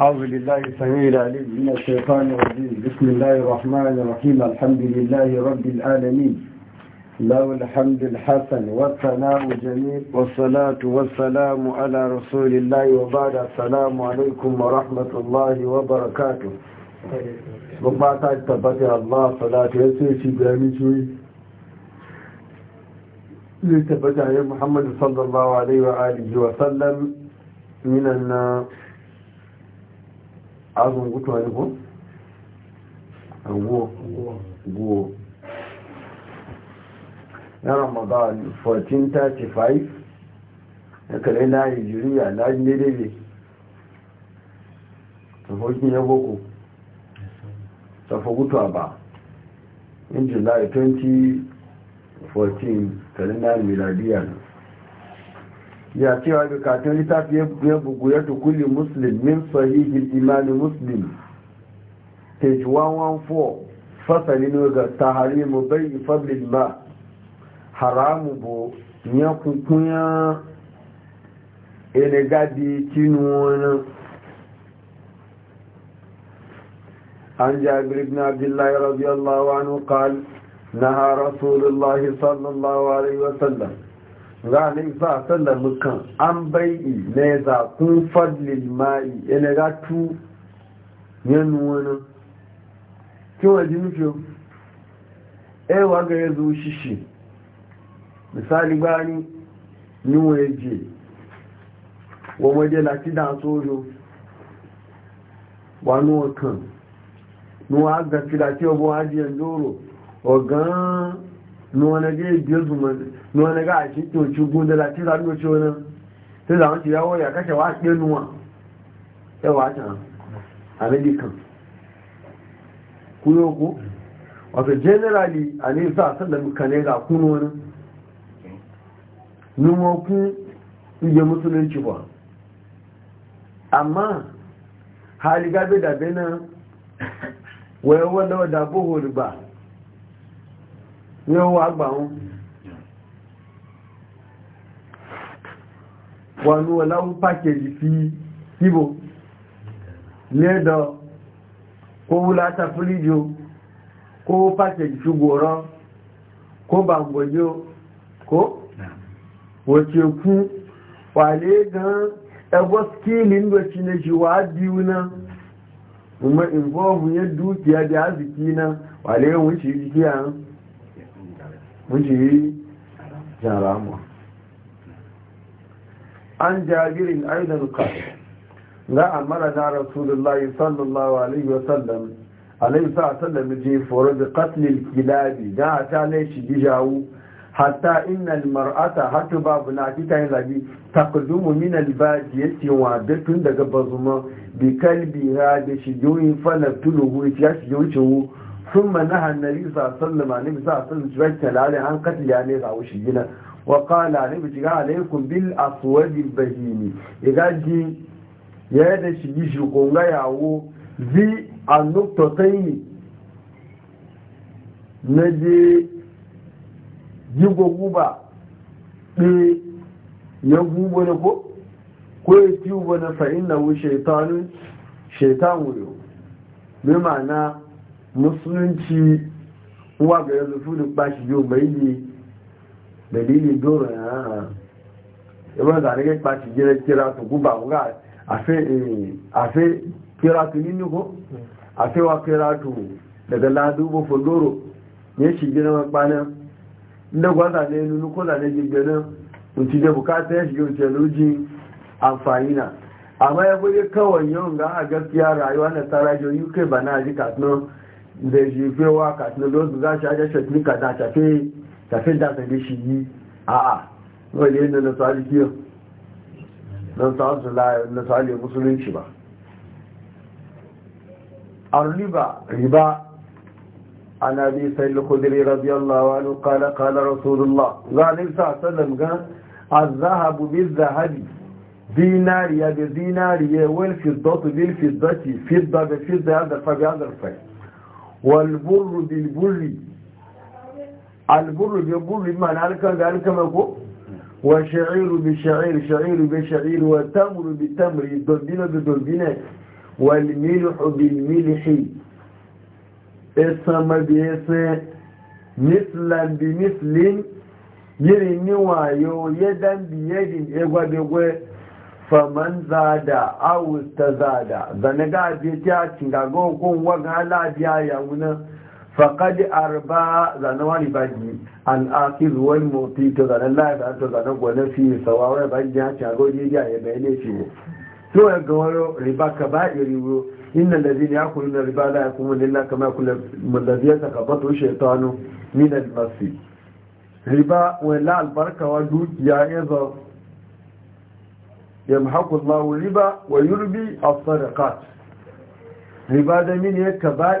أعوذ بالله السميع العليم من الشيطان الرجيم بسم الله الرحمن الرحيم الحمد لله رب العالمين له الحمد الحسن والثناء الجميل والصلاة والسلام على رسول الله وبعد السلام عليكم ورحمة الله وبركاته وما تعتبت الله صلاة يسير شبامي شوي لتبت عليه محمد صلى الله عليه وآله وسلم من النار azun gutuwa ne ko? guwo guwo na ramadan 1435 na kare na nigeria na nedebe tafokin ya boko tafo gutuwa ba in july 2014 kare na miladiyar na ya cewa bukatun littafi ya bugu ya tukuli muslim min sahihin imanin muslim page 114 ne ga tahari mu bai ifadlin ba haramu bo ya kukunya ene gadi kinu wani عن جابر بن عبد الله رضي الله عنه قال نهى رسول الله صلى الله عليه وسلم ranar sa sallar mukan an bai'i na zakun fadlil mai yana tu yanu wani kiwa ji nufi ewa ga ya zo shishi misali bani niwa ya je wa waje lati da sojo wa nuwa kan nuwa agafi lati wa buwa ajiyar doro wa gan nuwa na je biyu zumanin ní wọn ga àti tí òjú gún dẹ́la tí ìlànà ojú ọ̀nà tí ìlànà ti yáwó yà kẹ́kẹ́ wá pé nù wọn ẹwà àtàn amẹ́ríkan kúrò ọ̀fẹ́ jẹ́nẹ́rálì àníṣà sọ́dọ̀mù kún wọn ní wọn kún ìjẹ musulunci ba amma hali gabe wẹ́wọ́ lọ́wọ́ dàbò hòrùgbà yóò wọnú ọláwú pàkèjì fi síbò lẹ́dọ̀ kó wúlátà fúlíjò kó pàkèjì ko kó bàǹgbòjò kó wòtí òkú wà lé gan ẹgbọ́ skíìlì ń gbẹ̀ṣì ní ṣe wà díú náà kuma involve yin dukiya da ale nan wale yin wuce yi jikiya wuce yi jaramuwa an jabirin aidan qala a amara na rasulullahi sallallahu alaihi wasallam alaihi sallam je foro bi qatl kilabi da ta ne shi hatta inna mar'ata hatu babu na kita yin zabi taqdumu min al badiyati wa datun daga bazuma bi kalbi ha da shi yoyi falatulu ya shi yoyi ثم نهى النبي صلى الله عليه وسلم عن النبي صلى الله عليه وسلم عن قتل يعني راوش gina. وقال عليه عليكم بالأسود البهيمي إغاجي يهدى شجيش يقونغا يعو ذي النقطتين نجي جيبو غوبا يغوبو نكو كوي تيوبو فإنه شيطان شيطان ويو بمعنى مسلم تي yanzu fulun bashi yau mai ne dalilin doro ya ha ibon zanage kpaci jire kira su guba ga afe e, kira tu nini ko afe wa kira tu daga ladu bo fondoro ne shi gina makpana inda gwaza ne nunu ko zane jirgina mutu da bukata ya shiga wuce lujin amfani na amma ya bude kawai yau ga a gaskiya rayuwa na sarajo uk ba na ji katinu zai shi fewa katinu don su za shi ajiye shi ka na shafe tafin dasa ne shi yi a a wani yin da nasali kiyo nasali musulunci ba a riba riba a nabi sayi kudiri rabiyallah wa alukala kala rasulullah za a nisa a sallam gan azahabu bi zahabi dinariya da dinariya wani fiddotu bil fiddoti fidda da fidda ya zarfa ya zarfa walburu bilburi alburu bi burri ma na alkan ga alkama ko wa sha'iru bi sha'ir sha'iru bi sha'ir wa tamru bi tamri dobbina bi dobbina wal milhu bil milhi esama bi ese mislan bi mislin yiri ni wayo yadan bi yadin egwa bi gwe faman zada awus ta zanaga bi ta cinga go kun waga labiya ya wunan faƙad arba zanen wani baji al'akiz wani mafi to zanen laifin to zanen gwanin fi sawawar baji ya ce agogo ya yi bayan shi ne so ya ga wani riba ka ba iri wuro inna lazi ne ya na riba za a kuma lilla kama ya kula mulazi ya saka bato masi riba wani la albarka wa dukiya ya zo yamhaku allahu riba wa yurbi as-sadaqat riba da mini ya ka ba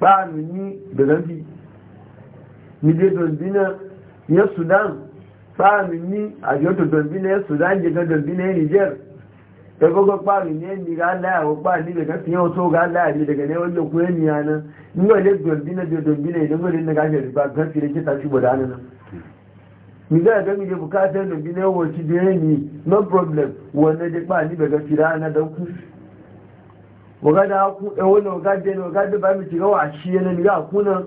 báàlù ní bẹ̀rẹ̀bí nílé dọ̀dínà ya sudan báàlù a àjọ́tò dọ̀dínà yẹ sudan jẹgẹ́ dọ̀dínà yẹ niger ẹgbọ́gbọ́ pààlù ní ẹni rá láàrọ̀ pààlù ní bẹ̀rẹ̀ fi hàn tó rá láàrẹ̀ ne ní ọjọ́ kú ẹni àná nílé dọ̀dínà dọ̀dínà ìdọ́gbẹ̀rẹ̀ ní gájẹ̀ rí bá gán fi lè kíta ṣùgbọ̀ dáná náà nígbà ẹ̀gbẹ́ mi lè bukáṣẹ́ dọ̀dínà wọ̀ ti dẹ́rẹ́ ni no problem wọ̀ ní ẹjẹ́ pààlù ní bẹ̀rẹ̀ fi rá náà waga da haku eh, wani waga da yana waga da ba mu shiga wa shi yana ni ga kuna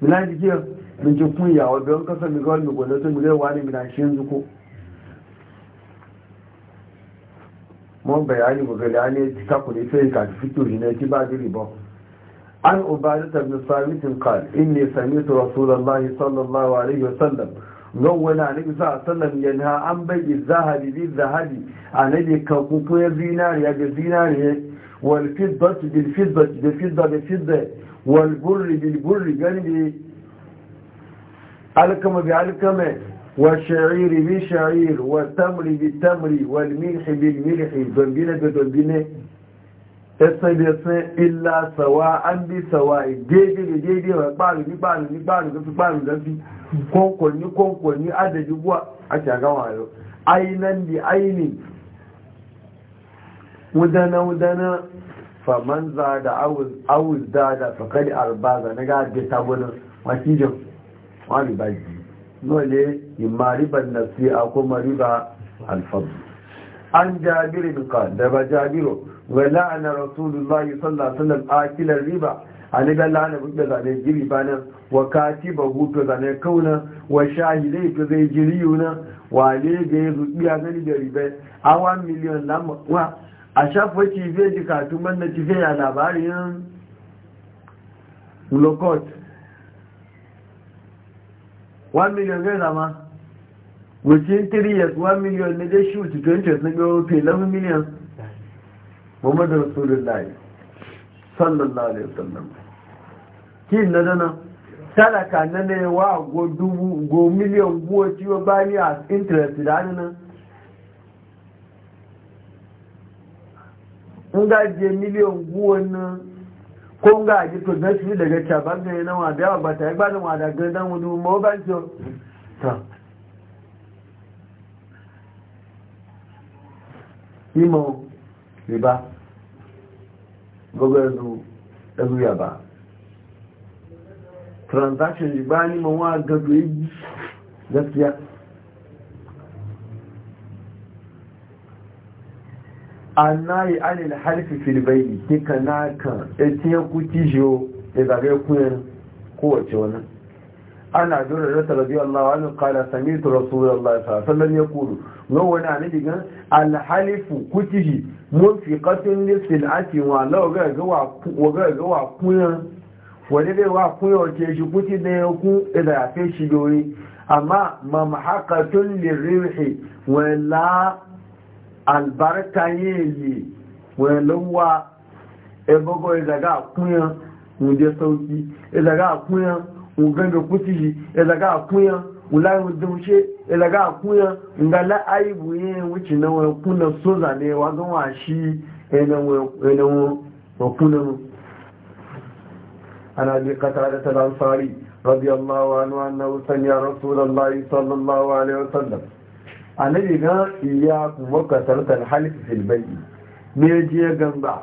mila jiki mun ci kunya wa biyan kasa ga wani gwada sun gudai wani mina shi yanzu ko mun bayani waga da ne ci kaku ne sai ka fito shi ne ci ba diri ba an ubadata bin sabitin qal inni sami'tu rasulullahi sallallahu alaihi wasallam gan wani anabi sa sallam yana an bai zahabi bi zahabi anabi ka kuku ya zinariya da zinariya wal fiddatu bil fiddati da fidda da fidda wal burri bil burri gani bi alkama bi alkama wa sha'iri bi sha'ir wa tamri bi tamri wal milhi bil milhi dambina da dambina. ẹsẹ̀lẹ̀sẹ̀ ilá sọ̀wà ábí sọ̀wà ìdéédéé déédéé rẹ̀ páàrù ní páàrù ní ní ní ní adẹ̀júgbọ́ àti àgáwọn ayinin wudana wudana da awuz dada fakari albaza na gaɗe wakijin wani baji nole imariban nasi alfabu an jabirin ka da ba jabiru ولعن رسول الله صلى الله عليه وسلم آكل الربا ani ga lana buɗe zane ba nan wa katiba hutu zane kauna wa shahidai to zai jiri yuna wa ne ga ya a gani da ribe awa miliyan lamu wa a shafa cife jikatu manna ya labarin lokot 1 miliyan zai zama within 3 years 1 miliyan na dai shoot 20 na biyo 11 miliyan muhammad rasulullahi sallallahu alaihi wasallam kin na dana talaka na wa go dubu go miliyan go ciwo bani as interest da nan nga je miliyan go na ko nga ji to na shi daga caban ga yana wa da ba ta ba da wa da gandan wani mo ban to ta imo riba gbogbo ẹzù yàbá transaction ìgbá ní mọ̀ wọ́n agbègbè yìí gaskiya annayi anil harfi filbayi kika naka ya tiye kuti jiyo ya zagaye kuyan kowace wani عن عبد الرزاق رضي الله عنه قال سمعت رسول الله صلى الله عليه وسلم يقول نو انا نبي الحلف كتجي منفقة للسلعة وعلى وغا غوا كويا wani bai wa kuyawace shi kuti da ya ku idafe shi dori amma mamhaqatun lirrihi wala albarka yeli wala wa ebogo idaga kunya mu je sauki unganga kutiji ezaga akuya ulai udumshe ezaga akuya ngala aibu ye wuci na wa kuna soza ne wa ga wa mu ana je gamba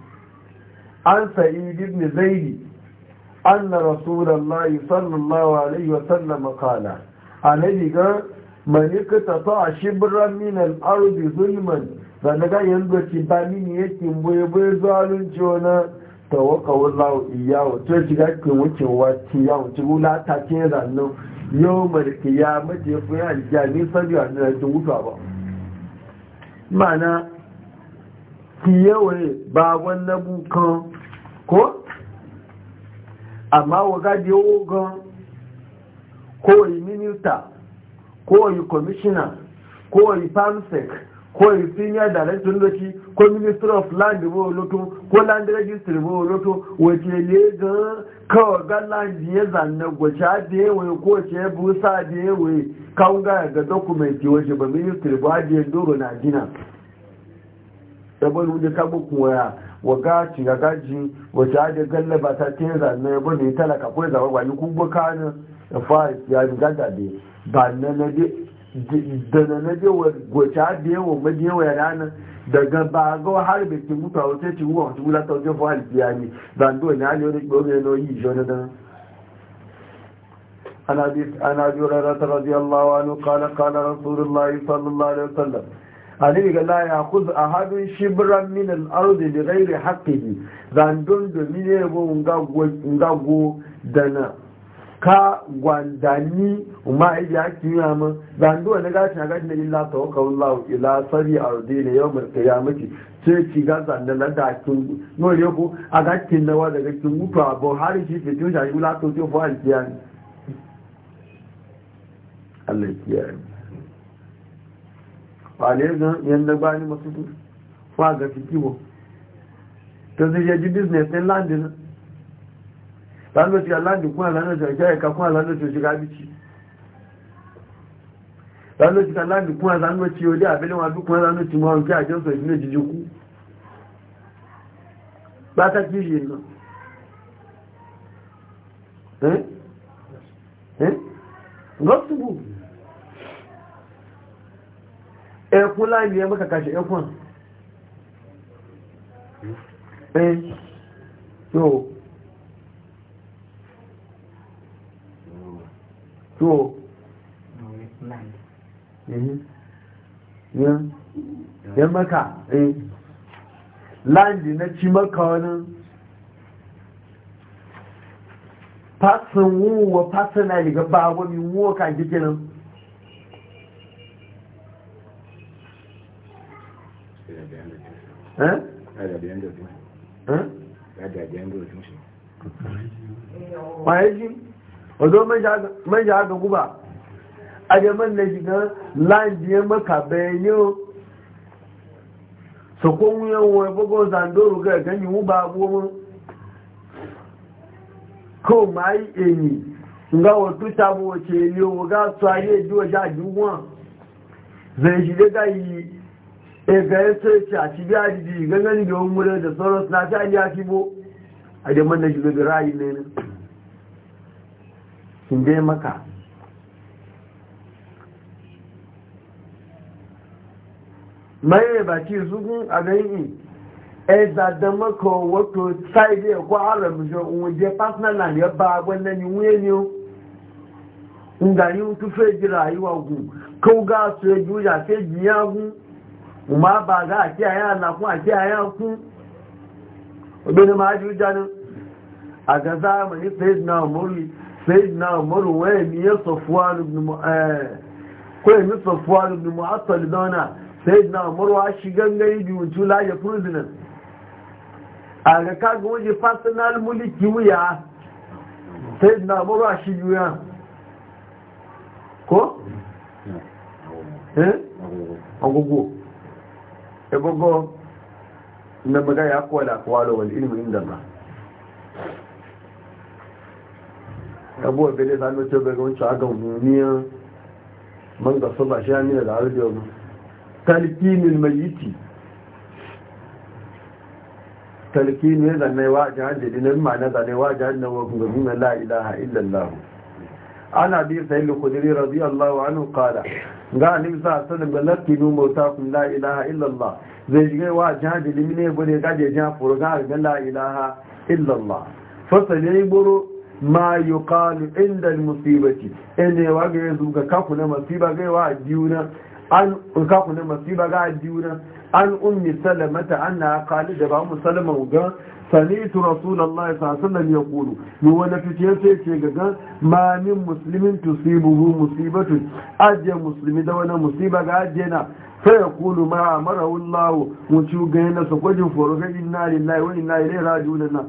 an sa'id ibn zaid anna rasulullahi sallallahu alaihi wa sallam qala alayhi ga man yakata shibran min al-ard zulman fa daga yanzu ci ba ni ne yake boye boye zalun jona tawaka wallahu iyahu to ci ga ke wuce wa ci ya wuce la ta ke zanno yawmal qiyamati fa ya jani sabiyan da ta wuta ba mana kiyawaye ba wannan bukan ko amma waga da yawo gan kowai minista kowai commissioner kowai farmsec kowai senior director lokaci ko minister of land bo loto ko land register bo loto wace ne gan kawai ga land ya zanna gwace da yawo ko ce busa da yawo kawai ga dokumenti wace ba minister ba da doro na gina yabon wuce ka bukun waya wa gaci ga gaji wata ajiyar gallaba ta teza na yabon da ya talaka kawai zaɓa gwani kuma kanin da fara ya riga da ne ba da na na jewa wace da yawon mai yawon ya rana daga ba ga har bai ke mutu a wata ce wuwa wata wula ta wajen fara biya ne ba ndo ne hali wani ɓoge na yi shi na dan ana biyu rarata radiyallawa عنه قال قال رسول الله صلى الله عليه Ali ga la ya khuz ahadun shibran min al-ardi bi ghairi haqqihi zandun do mine bo ngago ngago dana ka gwandani umma ya haki ya mu zandu wani gashi na gashi na illa Allah ila sari ardi ne yawmul qiyamati sai ci ga zanna na da kin nore ko a gakin kin nawa daga kin mutu abo har shi fitin shi ula to to fa kiyani. Allah kiyani. fàálẹ́ gan yẹn ní mọ́ fún àgbà fi kíwọ̀ tó ti yẹ jí business láàndì náà láàndì òṣìṣẹ́ láàndì kún àlànà ìṣẹ́ ẹ̀ka kún àlànà òṣìṣẹ́ gábíci láàndì òṣìṣẹ́ láàndì kún àlànà òṣìṣẹ́ òdí àbẹ́lẹ̀ wọn wọn kí àjọsọ ìṣẹ́ jíjọ kú pátákì yìí náà eh kula ya maka kashe eh kun eh to to ya maka eh landi na ci maka wani fasin wuwa fasina daga bawa min wuwa kan jikinan ƙwaye ji ọdọ mẹ́jà agagúbà ajẹ́mọ́n lè ṣìgán láìdí mọ́kà bẹ̀ẹ̀ ní o sọ̀kọ́ wúyẹ́ wọn ẹgbọ́gbọ́ zandoro gẹ̀ẹ́gẹ́ ni wọ́n bá gbọ́mọ́ kó máa yí èyí nga wọ́n tó sábọ̀ ọ̀ṣẹ̀ èyí o wọ́n gá sọ ayé ìdíwọ̀ṣà jù wọ́n zẹ̀ ìṣìdẹ́gá egayen soci a ci a jiji gangan da wani mura da sauran suna ta aliya fi bo a da da ra'ayi ne anyị sun dai maka mai ba ci zugun a gani e zadan maka wato saide ko haram shi wuje na land ya ba nwunye ni ngari utu fe jira yi wa gun ya ma ba za a kiyaye Allah kun a aya ku obinu ma ji janin a ga zamani sayyidina umari sayyidina umar waye mi ya safwan ibn eh ko mi safwan ibn mu'attal dana sayyidina umar wa shi gangari juju la ya prisoner a ga kaga waje personal mulki wuya sayyidina umar a shi ya ko eh agogo ebogo na magana ya kowa da kwalo wani ilimin inda ba abuwa bele za mu tobe ga wancan aga muniya man ga so ba shi amina da arziyo mu talqinul mayyiti talqin ya zanne wa jahan da dinin ma na zanne wa jahan na wa kuma la la'ila illa ana bi sayyid al-khudri radiyallahu anu kada ga alim sa sanin ga nu mota kun la ilaha illallah zai shiga wa jahadi limine bane ga je jiha furu ga ga la ilaha illallah fasali buru ma yuqalu inda almusibati ene wa ga yanzu ga kaku na masiba ga wa diuna an kaku na masiba ga diuna an ummi salamata anna kali da ba mu salama ga sanitu rasulullahi sallallahu alaihi wasallam ya kulu ni wani fitiyar sai ce ga ga ma min muslimin tusibuhu musibatu ajja muslimi da wani musiba ga ajje na fa yaqulu ma amara Allah mu ci ga yana so gojin foro ga inna lillahi wa inna ilaihi rajiun na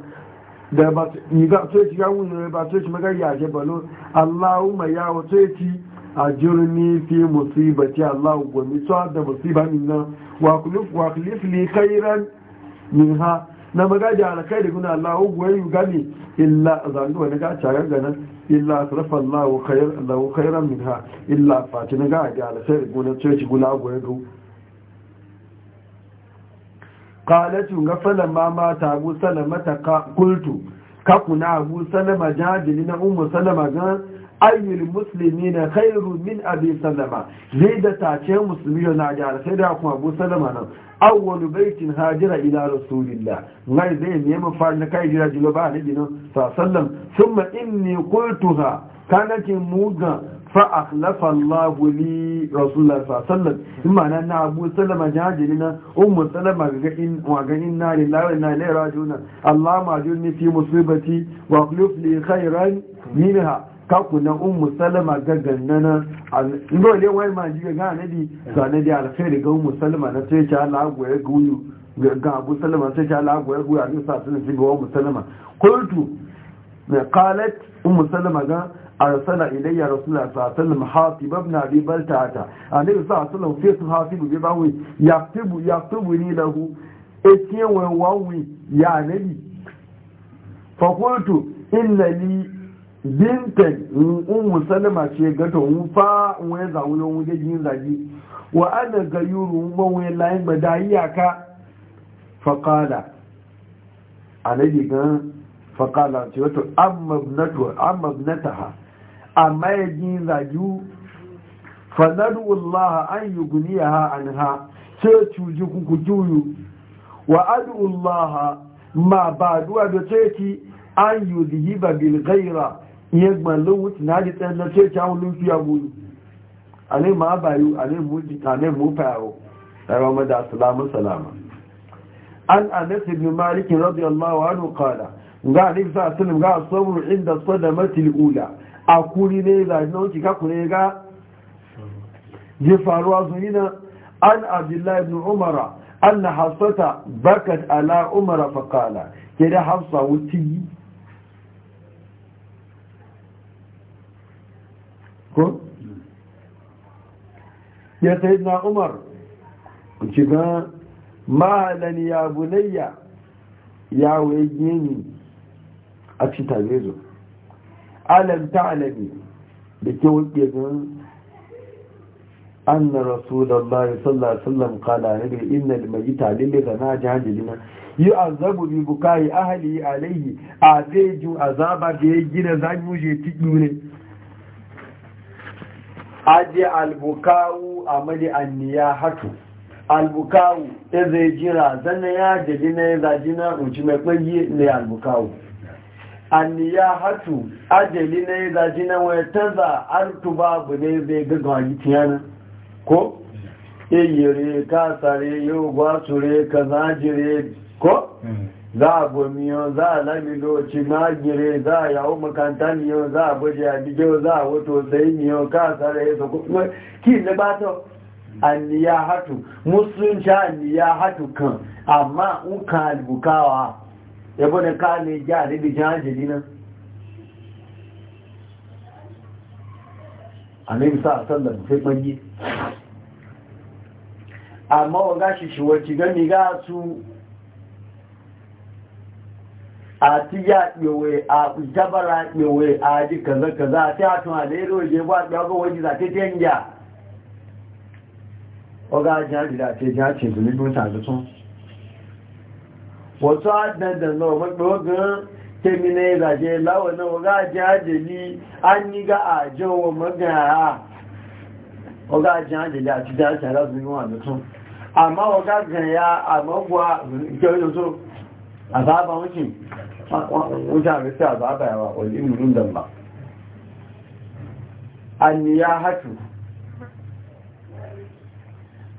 da ba ni ga sai ci ga mun ne ba sai ci maga ya je balo Allahumma ya wa sai ci ajurni fi musibati Allahu gomi so da musiba min na واخلف لي خيرا منها na magaji alakai da guna Allah ugwai yu gami illa zandu wani ga cagar gana illa sarrafa Allah khairan min ha illa fati na gaji alakai da guna coci guna ugwai gu kalatu ga falon ma mata gusa na mata kultu kakuna gusa na jajili na umu salama gan ayyul musulmi na khairu min abi salama. zai da tace musulmi na jihar sai da kuma abu sallama nan awwalu baitin hajira ila rasulillah ngai zai nemi fara na kai jira jilo ba nabi nan sa sallam thumma inni qultuha kanati muga fa akhlafa Allah li rasulullah sa sallam imma nan na abu sallama jahili na ummu sallama ga in wa ga na lillahi wa inna ilaihi raji'un Allah ma junni fi musibati wa akhlif li khairan minha kakunan Umu salama ga gannana dole wai ma ji ga anabi ga anabi alkhairi ga Umu salama na sai ta Allah ya guyu ga abu salama sai ta Allah ya guyu ne sa sun ji ga ummu salama qultu qalat ummu salama ga arsala ilayya rasulullah sallallahu alaihi wasallam hatib ibn abi baltata anabi sallallahu alaihi wasallam fi hatib bi bawi yaktubu yaktubu ni lahu etiyen wawi ya anabi fa qultu inna li binta ummu salama ce ga un fa wani zaune wani jin zagi wa ana ga yuru ba wani layin ba da iyaka faƙala alaji gan faƙala ce wato amabnata ha amma ya jin zagi fanaru allaha an yi guniya ha an ha sai cuji kuku wa adu allaha ma ba duwa da ce ki an yi bil gaira iye lówó tí náà jẹ́ tẹ́lẹ̀ tí ó ti àwọn olóńfí agbóyò alẹ́ a báyò alẹ́ mú pààrọ ẹ̀rọ ọmọdé asalamu salama an ibn malik radiyallahu anhu qala ni sa sulim ga sabr inda sadamati akuri ne da nan ki ka ga faruwa an ibn hafsata bakat ala umara hafsa ko ya sayi na umar shiga mahalan ya bunayya ya waye gini a cita mezo alam ta alabi da ke wuce gan anna rasulallah mai alaihi wasallam qala hadi da mayyita lil ghana jahilina yu'azabu bi bukai ahli alayhi azaju azaba da ya gina zanyu je tidu ne aje albukawu a mali anniya hatu albukawu eze zai jira zana ya jadi na ya zaji na uci mai kwayi ne albukawu anniya hatu ajali na ya zaji na waya taza artu babu ne zai gaggawa yana ko iyire e kasare yau gwasure zajire ko hmm. za a gomiyo za a lami lamiloci gire, za a yawo makanta miyo za a buje a bijo za a wato sai miyo ka tsara ya zaku kuma ki na ba ta anniya hatu musulunci anniya hatu kan amma in ka albukawa ya bane ka ne ji a ribi jihajiri nan a ne bisa a sallar sai ɓangi amma wa gashi shi wacce gani ga su a ti ya ɗewe a jabara ɗewe a ji kaza kaza a ti hatun a zai roje ba ɗaya ga waje za ta tenya ọgá jẹ́ àjìdá àti ẹjẹ́ àti ìlú nínú ìtàjútún wọ́n tó àdẹ́dẹ̀ náà mọ́gbẹ̀ ogun tèmi ní ìràjẹ́ láwọ̀ náà ọgá jẹ́ àjẹ́ ní ánígá àjọ wọn mọ́gbẹ̀ àá ọgá jẹ́ àjẹ́ azaba wuce wuce a gaske azaba yawa wani imurin dan ba an ya hatu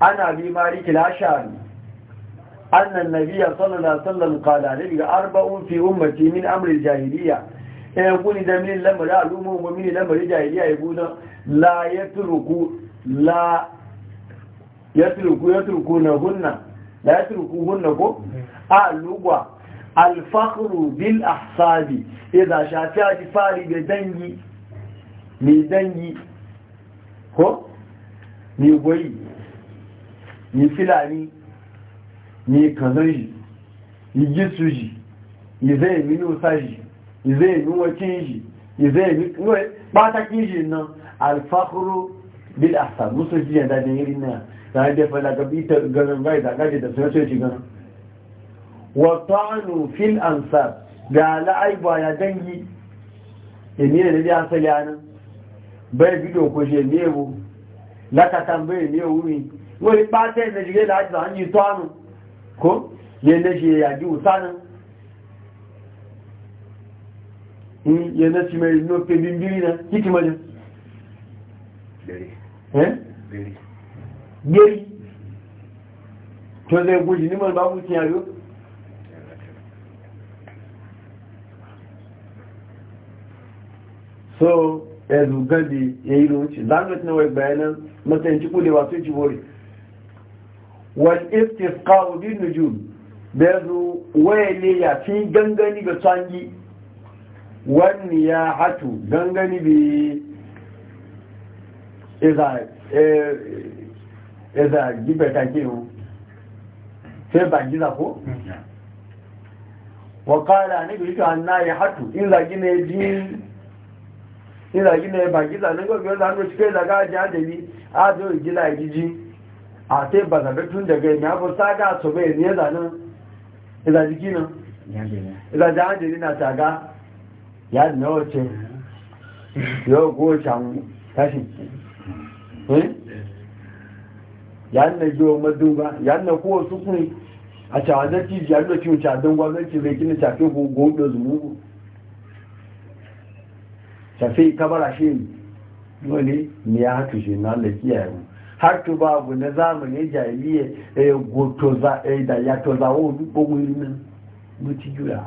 ana bi mariki nan annan nabiya sallallahu da kala kadari daga arba'un fi umarci min amurin jahiliya ya eh, kuni da min lamari al'umma wa min lamari jahiliya ya gudan la ya turku la ya turku na hunna la hunna ko a lugwa alfahru bil ahsabi idan shafi aji fari da dangi mai dangi ko mai goyi mai filani mai kazanji yi gisu ji yi zai mi nusa ji yi zai mi wacin ji yi zai mi patakin ji nan alfahru bil ahsabi musu ji yadda da yiri na ranar da fada gabi ta ganin bai da gaji da sun ce shi ganin wa ta'anu fil ansar ga la'aiba ya dangi ya ne da ya asali anan bai bido ko je ne bu lakatan bai ne wuri wani ɓata na jire da hajji an yi ta'anu ko yadda shi ya ji yaji usanin yadda shi mai nufe bimbiri na hikimalin eh? gari to zai guji nimar babu cin yaro so ẹ̀rù ló ń ṣe zanwet náà ẹgbẹ̀ ẹ̀nà mẹ́tẹ̀ ìjíkú lè wà tó jùwọ́ rí wọ́n ìfẹ́ káwọ́ bí nìjú bẹ̀rù wẹ́ẹ̀lẹ́ yà fi gangani bẹ̀ tsangi wọ́n ni ya ko? wakala hatu nígbà gílẹ̀ ẹbà gílà nígbà gílẹ̀ lánà tí fẹ́ ìdàgá ajá àdèmí àjò ìgílà ìjíjí àti ìbàzàbẹ́ tún dẹ̀gẹ̀ ìmì àbò sága àtọ̀bẹ̀ ìní ẹ̀dà náà ìdàjí kí náà ìdàjí àdèmí nà tàgá yàdì náà ọ̀tẹ̀ yóò kó ṣàwọn káṣì yàdì nà jẹ́ ọmọ dùnbà yàdì nà kó ọ̀túnkùnrin àtàwọn àdẹ́kì ìjì àdúgbò tí ó ṣàdúngbà lẹ́kì shafi kabara shi dole ne ya haka shi na da kiyaye har tu babu na zamani jahiliya ya eh, goto za a eh, da ya to za wo oh, duk gogun nan mutu jura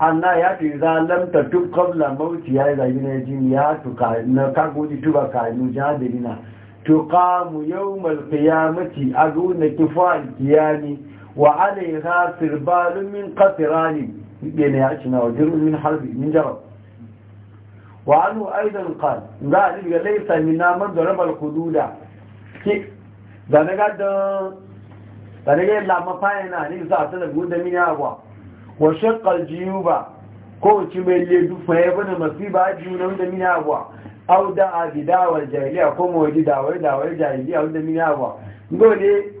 anna ya fi za lamta tun kabla mauti ya yi zagi na jini ya tuka na kagodi tuba kanu jihadiri na tuka mu yau malkiyamati a duna kifa alkiyami wa alaiha firbalun min qatirani yene ya ci wa wajirun min harbi min jarab wa anhu aidan qal za a diga laisa min man daraba al hududa ki da daga da da daga la mafaya na ni za ta da gudu min yawa wa shaqqa al jiyuba ko ci mai le du fa yaba na masiba juna da min yawa aw da a bidawal jahiliya ko mu wajida wai da wai jahiliya da min yawa ngode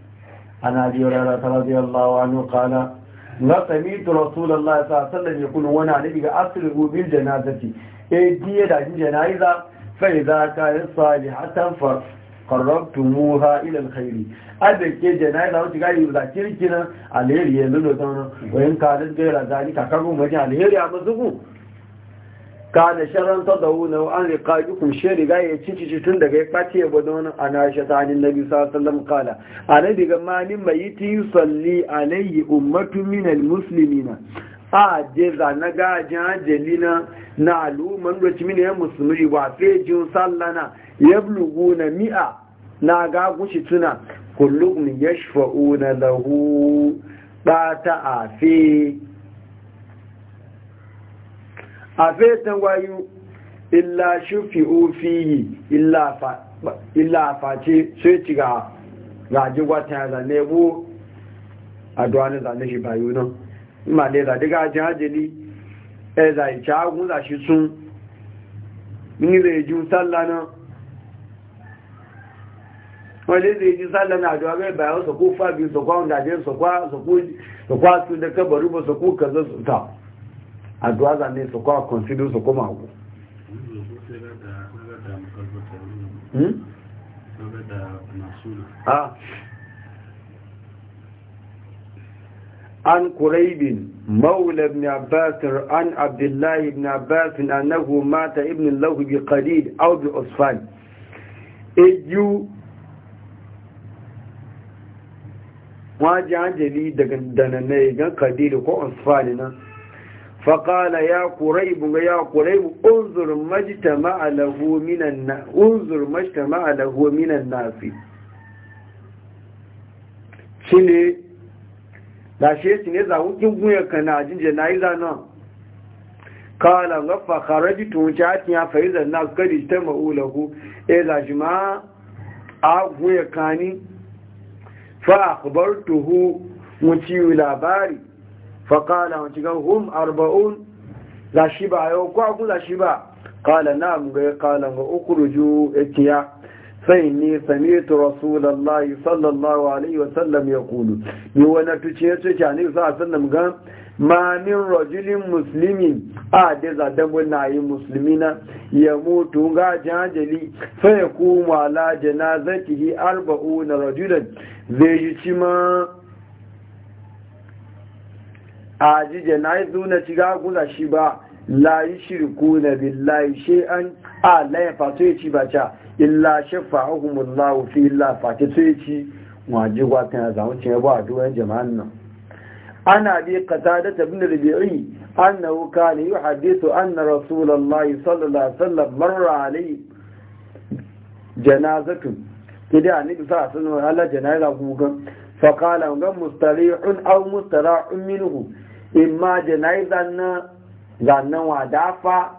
عن أبي هريرة رضي الله عنه قال لا سمعت رسول الله صلى الله عليه وسلم يقول وانا نبي أسره بالجنازة إيدي دا جنازة فإذا كانت صالحة فقربتموها إلى الخير أدرك جنازة وتقال يذكر كنا عليه يلون وإن كانت غير ذلك كانوا مجال عليه يا مزقون na sharantar da wuna an riƙa yukun shi riga ya cici tun daga ya ɓace ya gwada wani a nashi ta hannun nabi sallam kala a na diga ma ni mai ti salli alayyi ummatu minal na a je na gajin ajali na na al'umman roci mini yan musulmi ba jin sallana ya na mi'a na ga shi tuna kullum ya shafa'una lahu ba ta afe Afe fetan wayu illa shufi ofiyi illa face sai ci ga gaji wata ya zane bu a duwani zane shi bayu nan Ima ne zaɗi gaji hajjali ya e zai ci agun za shi sun ni zai ji sallah nan wani zai ji sallah na aduwa mai bayan ko fabi sakwa wanda ajiyar sakwa sakwa su da kabaru ba ko kazan su ta addu'a zane su kawo consider su kuma abu hmm? ah. an kuraibin maula ibn abbasir an abdullahi ibn abbasin annahu mata ibn lahu bi qadid aw bi usfan eju wajen jeli daga dananai ga qadid ko usfan nan فقال يا قريب يا قريب انظر ما اجتمع له من الناس انظر ما اجتمع له من الناس shine da shi shi ne zawo kin na kana jin yi nan kala ga fa kharajtu wujatin ya faizan nas kadi ta maulahu eh za shi ma a kani fa akhbartuhu ci labari faƙala wa cikin hum arba'un lashi ba yau kwakun lashi ba ƙala na amurai ƙala ga ukuruju ikiya sai ne sami ta rasulallahi sallallahu alaihi wasallam ya kulu ni wani tuce ya tuce a sannan gan mamin rajulin musulmi a da zaɗa na yi musulmi na ya mutu ga jajali sai ya koma jana zai ki arba'u na rajulan zai yi cimar a jije na yi zuna shiga gula shi ba layi shirku na billahi shi an a laye fato ya ci ba ca illa shafa hukumullahu fi illa fata to ya ci waje gwata ya zama ce ba a duwan jama'an nan ana bi qatada ibn rabi'i annahu kana yuhaddithu anna rasulullahi sallallahu alaihi wasallam marra alayhi janazatun kida annabi sa sallallahu alaihi wasallam ala janaza gugan فقال غم مستريح أو مستراع منه imma janaiza na zannan wadafa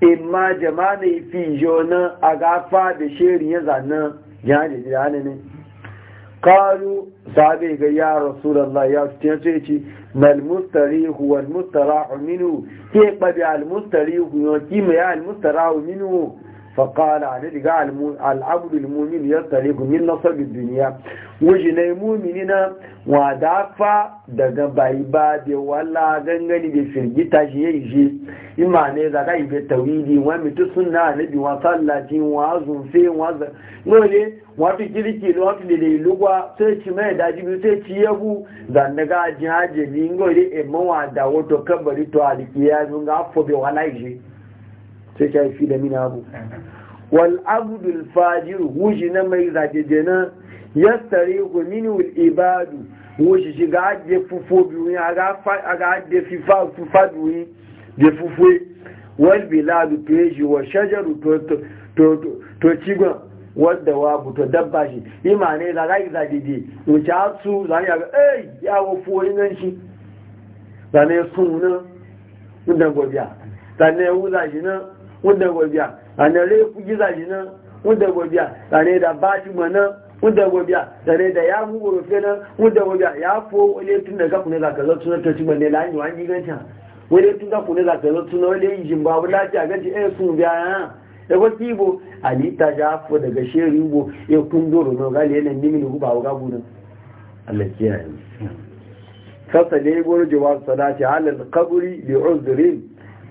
imma jamani fi jona gafa da shirin ya zannan jihadi jihadi ne ƙaru sabi ga ya Allah ya fi sai ce malmustari mustarihu wal mustarahu minhu ke kpabi al mustarihu yau, kima ya al mustarahu minhu فقال علي دغا العبد المؤمن يطلق من نصب الدنيا وجنا المؤمنين ودافا دغا بايبا دي ولا غنغني دي فرجيتا شي يجي اما ne daga ibe tawidi wa mitu sunna ne bi wa sallati wa azun fi wa ngole wa fi kiriki lo fi de lugwa sai ci mai daji bi sai ci yabu dan daga jihaje bi ngole e mo wa da woto kabari to alikiya ga fo wala yi sai ka fi da mini abu wal abdul fajir na mai zajeje na yastare ku mini wal ibadu wuji shi ga ajiye fufo biyu a ga ajiye fifa biyu da wal biladu wa shajaru to cigon wadda dabba shi ima ne za yi wuce hatsu za ya shi za sun nan gobiya za nan wanda gobiya ana refu gizaji nan wanda gobiya ana da bashi mana wanda gobiya tare da ya mu rufe nan wanda gobiya ya fo wani tun da kafu ne zaka zo tun ta ci da la hanyo hanyi ganta wani tun kafu ne zaka zo tun wani yi jin babu lafiya ganti eh sun biya ya eh. da e wata ibo alita ja fo daga shehu ibo ya e kundoro no gali yana nimin guba wa gabu nan Allah kiyaye fasale goro jawab sadati alal kaburi li uzrin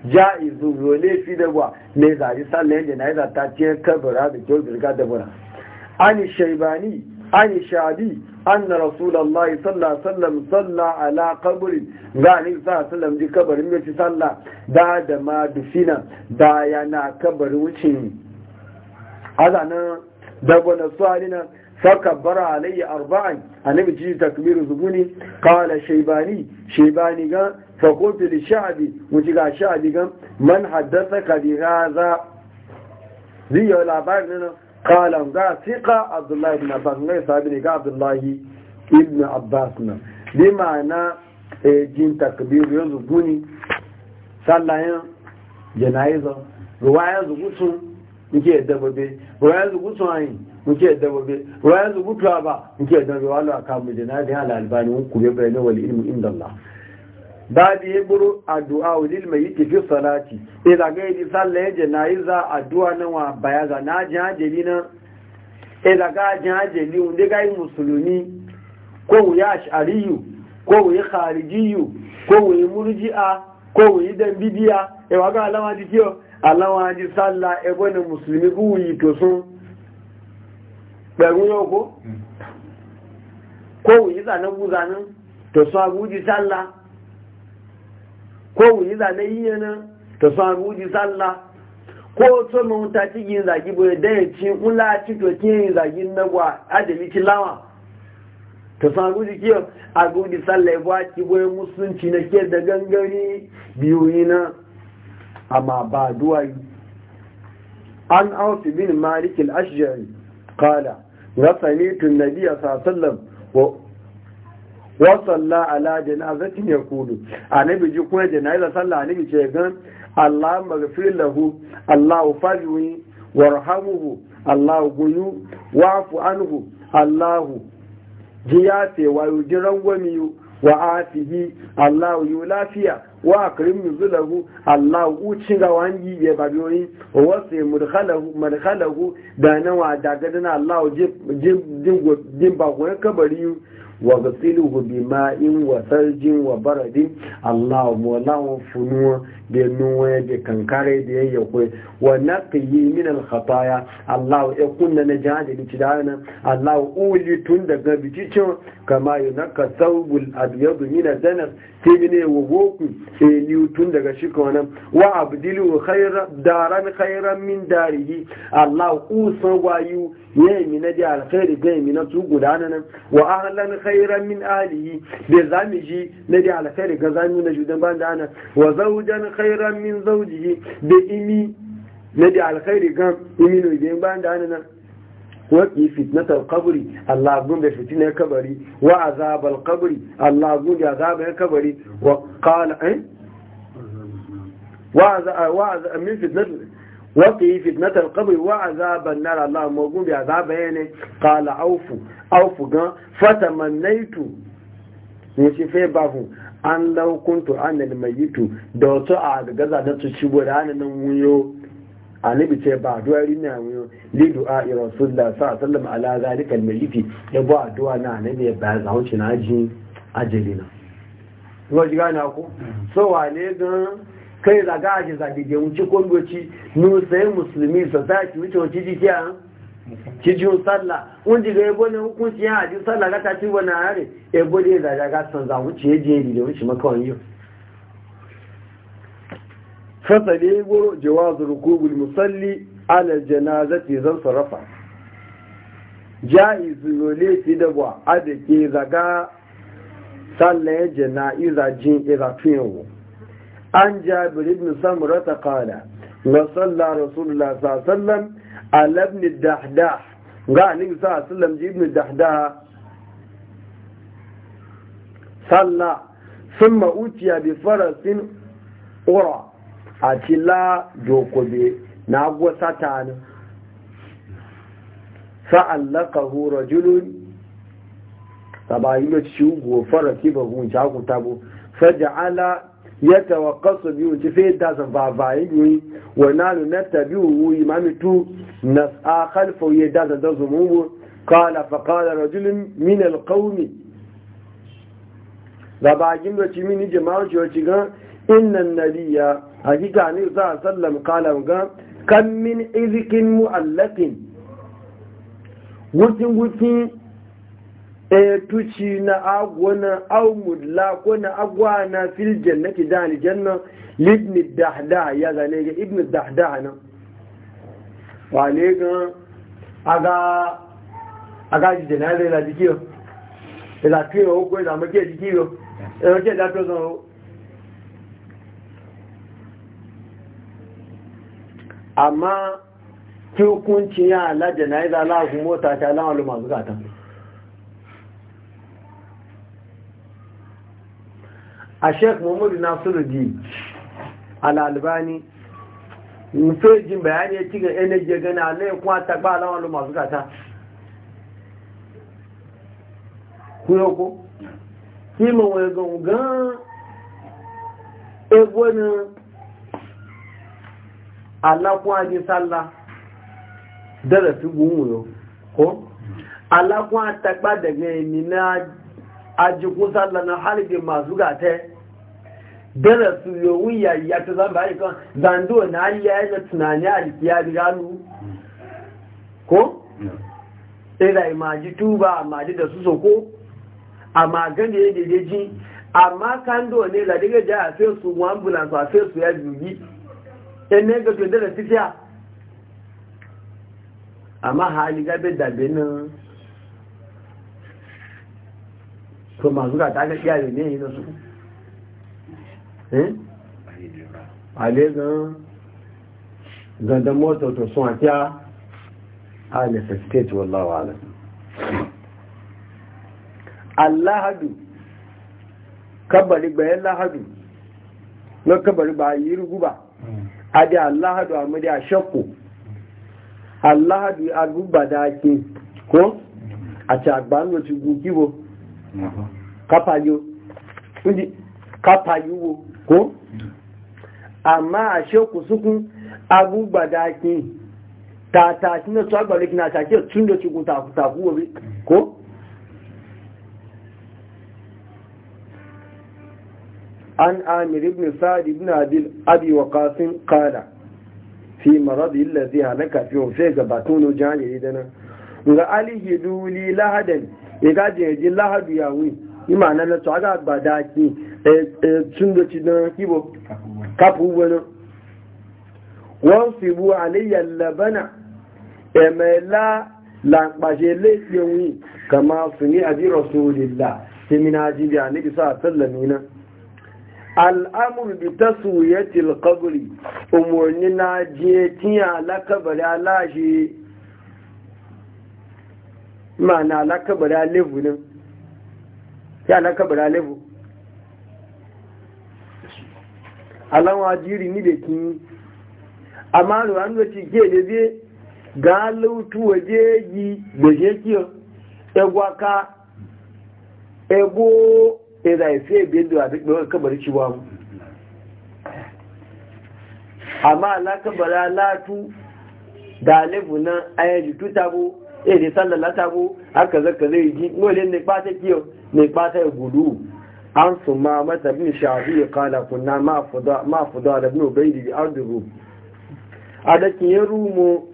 ja'izu zole fi da wa mai zari na yi ta ce kabara da kyau zirga da bura ani shaibani ani shabi anna rasulullahi sallallahu alaihi wasallam salla ala kaburi ga ni sa sallam ji kabarin mai sallah da da ma dufina da yana kabarin wucin azanan da gona su halina فكبر علي أربعا أنا بتجي تكبير زبوني قال شيباني شيباني قال فقلت للشعبي وتقع شعبي قال من حدثك بهذا ذي ولا بارنا قال انقع ثقة عبد الله بن عباس غير صاحبني قال عبد الله ابن عباسنا بمعنى جين تكبير يزبوني صلى جنائزة رواية زبوتهم nke yadda babe ruwa yanzu gutsu ayin nke dabbobi ruwayan zubutuwa ba nke dabbobi wani a kamun jina da yana albani hukku bai bayanin wani ilmu inda Allah babu ya buru addu'a wulil mai yi fi salati ila ga yi sallah ya za addu'a na wa bayaza na jihajeli na ila ga jihajeli wanda ga yi musulmi ko wuya ash'ariyu ko wuyi kharijiyu ko wuyi murji'a ko wuyi dan bidiya e wa ga alama jikiyo alama ji sallah e musulmi ku yi to sun pẹ̀lú yóò kó hmm. kó wùyí sànà kú sànà tọ̀sán agújí sálà kó wùyí sànà yíyẹn náà tọ̀sán agújí sálà kó tó mọ̀ ta tí yìí zàgí bọ̀ dẹ́yẹ̀ tí ń láti tó tí yìí zàgí náwà adèlì ti láwà tọ̀sán agújí kí agújí sálà ẹ̀bọ́ àti musulunci na kí da gangari biyu yìí náà amma ba yi. an aufi bin malik al-ashjari qala وسمعت النبي صلى الله عليه وسلم wasalla ala janazatin yaqulu annabi ji kuma da sallah annabi ce gan Allah maghfir lahu Allah fajwi warhamuhu Allah guyu wa'fu anhu Allah ji yafe wa yujiran gwamiyu wa afihi Allahu yu lafiya wa akrim nuzulahu Allahu uci ga wangi ya babiyoyi wa wasi mudkhalahu madkhalahu da na wa daga dana Allah jin jin ba ko kabari wa ghasiluhu wa sarjin wa baradin Allah mawlahu funuwa da ya de kankare da yayya kwai wa naqiyi min al khataya Allah ya kunna na jahili ci da Allah uli tun daga bicicin kama yunaka thawbul abyad min al ke ne wa goku sai tun daga shi wani wa abdilu khayra daran khayran min darihi Allah usan wayu ya yi mina da alkhairi ga yi mina su gudana nan wa ahlan khairan min alihi da zami ji na da alkhairi ga zami na judan ban dana nan wa zawjan khairan min zawjihi da imi na da alkhairi ga imi no idan ban da nan waƙi fitnatar kabari Allah gun da fitinar kabari wa azabal kabari Allah gun da azabar kabari wa qala eh? wa min fitnatar وقي فتنة القبر وعذاب النار اللهم وقوم بعذاب يعني قال أوفو أوفو قال فتمنيت da بافو a لو كنت أنا الميت دوتو عاد قزا دوتو شبورانا نمويو annabi ce ba addu'a rina mu li du'a rasulullah sallallahu alaihi wasallam ala zalika almayyit ya ba addu'a na annabi ya ba zawo ci naji ajalina ko ji gana ko so wane gan kai zaga a jiza da wuce kwangoci nusayi musulmi society wuce wuce a cijin sallah wunji ga ebo ne hukunci ya hajji sallah ga tafi wani ebo ne zaga ga san za wuce ya je da wuce makawan yau fasa ne goro jawazu rukubul musalli ala zan sarrafa ja'izu yole ti da adake zaga sallah ya jana'iza jin an jabir ibn samura ta kala na sallah rasulullah sallam alabni dahdah ga anin sa sallam ji ibn dahdah sallah sun ma'uciya bi farasin ura a cila dokobe na agwa satani fa'allakahu rajulun sabayi da shi gofara kiba hun shakuta bu ala. ya tawakkasu biyu ci fi da ba yi wa nanu na tabiu wu tu na kalfa ya da zanda zumubu kala fa kala rajulun min alqawmi da ba bagin da ci mini jama'a ci wace ga innan nabiya kika ne za a sallam kala ga kan min izikin mu'allakin wucin wucin Eh, tuci na agwana aumudla ko na agwana fil jannati da aljanna libn dahda ya zane ga ibn dahda nan wa ne ga aga aga ji janaze la dikiyo la tuyo ko la make dikiyo e o ke da to so amma ki hukunci ya la janaza la mota ta la aluma zukatan a sheik muhammadu nasiru ji al'albani musojin bayani ya cikin energy gana alayi kuma ta ba alamun masu gata kuyoko kima wani gangan egwonin alakun ajin sallah darafi gunwuyo ko alakun atagba daga emina ajikun sallana harbin masu gata dara su yawun yayi ya ta zamba ya kan zando na aliya ya na tunani ya da gano ko? tsira maji tuba a maji da su soko a magan da ya dedeji amma kando ne da daga ja a fesu ambulance a fesu ya jugi ɗan e ne ga tuntun da tafiya amma hali gabe da nan to masu ga ta gaɗi yare ne yi na su eh? a le zan zandan mota to sun a kya a necessitate wallawa ala allahadu kabari bayan lahadu na kabari ba yi ruguba a da allahadu a mudi a shakku allahadu a ruguba da ake ko a ci agbanwaci gugibo ndi kapayo wo ko amma ashe sheku sukun agugbadakin tata tí náà tó agbàrí kí náà tàkí tún lè tafi tàkú bi ko. an amir ibn sa'ad ibn abi wa kafin qala fi maradi allazi halaka fi wa fi gabatun jahili dana ga alihi duli lahadan ga jeji lahadu yawi ima na na to aga gbada ki tun da ci don kibo kafu wani wọn fi bu aliyyar labana emela lankpashe laifin kama su ne a ji rasulillah sai mina ji da nabi sa sallami na al'amur bi ta suyatil kaburi umarni na je tiya lakabari alashi ma na Allah kabara haifu na ya Allah kabara haifu Allah nwa jiri ni bekiyi amma Nura na cike da zai ga halittu a jai goshekiya egwaka egwu a zaife biyu da waka kabar cewa amma Allah kabara latu da haifunan ayyutu ta bu eh dai sallar latabu haka zaka zai ji nole ne ba ta kiyo ne ba ta gudu an su ma mata bin shafi kala kunna ma fuda ma fuda da bin ubaydi bi ardu a da kiyan rumo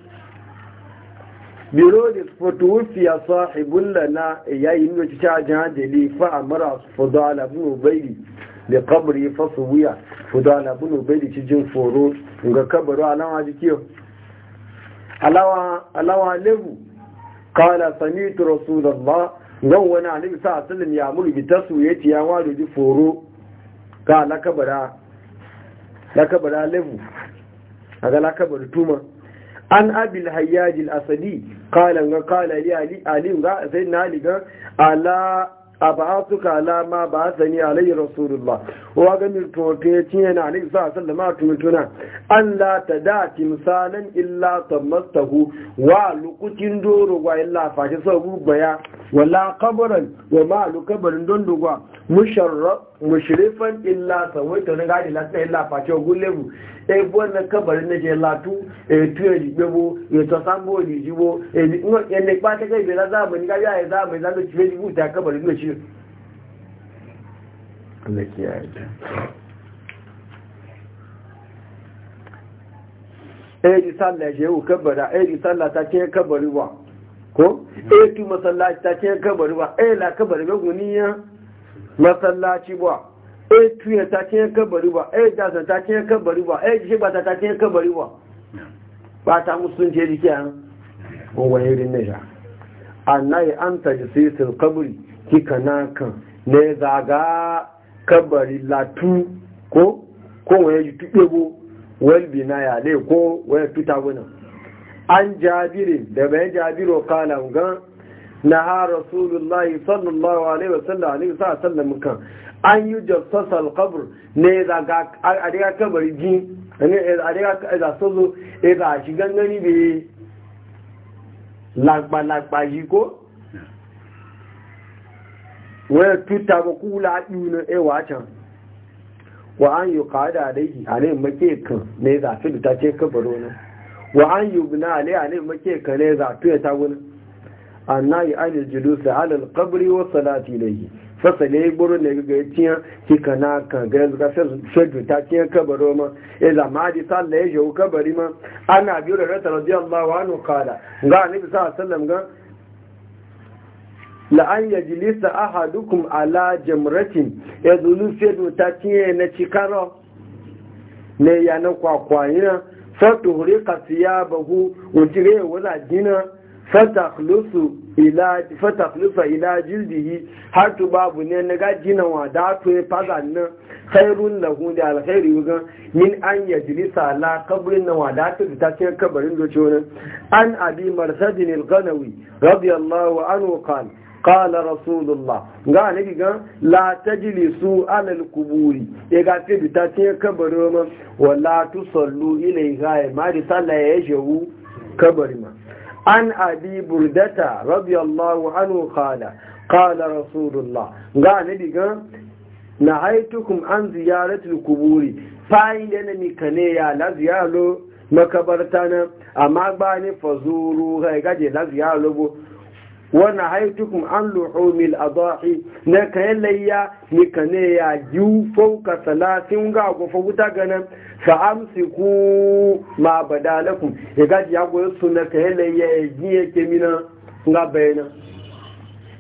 biro da fotowofi a sahibun lana e yayin da ci cajin hajjali fa a mara fuda da bin ubaydi da kabari fa su wuya fuda da bin ubaydi ci jin foro ga kabaru alawa jikiyo alawa alawa lebu kala samitu rasulullah don wani annabi sa sallam ya mulu bi tasuyati ya wado di foro ka lakabara lakabara levu aga lakabara tuma an abin hayyaj al asadi qala qala li ali ali ga zai ali ga ala A suka alama ba sani alayhi rasulullah wa gani mi to ke cinye na a sallallahu alaihi wasallam an la tada timsalan illa mastahu wa lukutin doro wa illa fashe sabu baya wala kabarin wa ma'alu kabarin don dogwa mushrifan illa sauwai ta wani gadi lasa illa face ogun lebu ebo na kabarin na je latu etu jibebo e ta e, sambo rijibo yana e, e, ipa ta kai bela zamani gari a ya zamani zanga cire jibu ta kabarin na shi Eri sallah je yau kabara, di sallah ta ce kabari wa. ko eh tu masallaci ta ce kabari ba eh la kabari ba guniya masallaci ba eh tu ya ta ce kabari ba eh da ta ce kabari ba yi shi ba ta ce kabari ba ba ta musunce jiki an wani ne na annai an tajsisul kabri kika na kan ne zaga kabari latu ko ko wani tuɗebo wani binaya ne ko wani tutaguna an jabirin da bayan jabiru kala gan na ha rasulullah sallallahu alaihi wasallam alaihi wasallam kan an yi jassasa alqabr ne da ga a daga kabari ji ne a daga da sozo e da shi gangani be lagba lagba yi ko wa tuta ba kula ɗinu e wa can wa an yi kada dai a ne ne da fi ta ce kabaro ne wa an yubna alaiha ne muke kare za tuya ta gurin annayi anil julus ala alqabri wa salati ilayhi fasale gburu ne ga tiya ki kana ka ga ga shaju ta tiya kabaro ma e za ma di salla ya jo kabari ma na biyo da rata radiyallahu anhu qala ga ni sa sallam ga la an yi a yajlisa ahadukum ala jamratin ya e zulu sai ta tiya na cikaro ne ya na kwakwayina fatuhuri kasiya bahu wajire wala jina fatakhlusa ila jirgin har tu babu ne na ga wa da to ya faga na khairun lahu da alkhairi yugan min an yajlisa la qabrin na wa da to ta ce kabarin doce wani an abi marsadin al-ghanawi radiyallahu an qala kala rasulullah ga ne ga la kuburi ala alquburi e ga fi bita ce kabari ma wala tusallu ilayha e ma di salla ya e jewu kabari ma an abi burdata radiyallahu anhu qala qala rasulullah ga ne ga nahaitukum an ziyaratul kuburi fayin da na mikane ya la ziyaro makabarta amma ba ne fazuru e ga gaje la ziyaro wana haitukum an luhumil adahi na kayan layya ni ka ya ji fauka salatin ga gufa wuta ganin fa amsiku ma badalakum ya gaji ya goyi su na kayan layya ya ji mina ga bayanan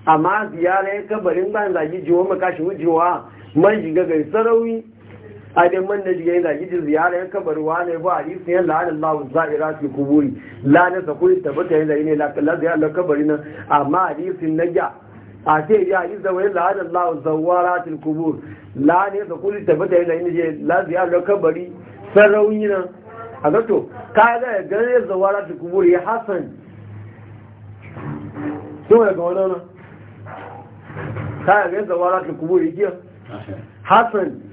amma ziyara ya kabarin ban zagi jiwo makashi wujewa man shiga gai sarauni adin man naji yana zagi ziyara ya kabar wa ba ya la za'ira fi kuburi la na kuri tabbata yana zagi ne la da Allah kabari na amma hadisin naja a ce ya yi zawai la zawara kubur la ne kuri tabbata yana ne la ziyara kabari sarauni a ga to ka ga ya hasan ga hasan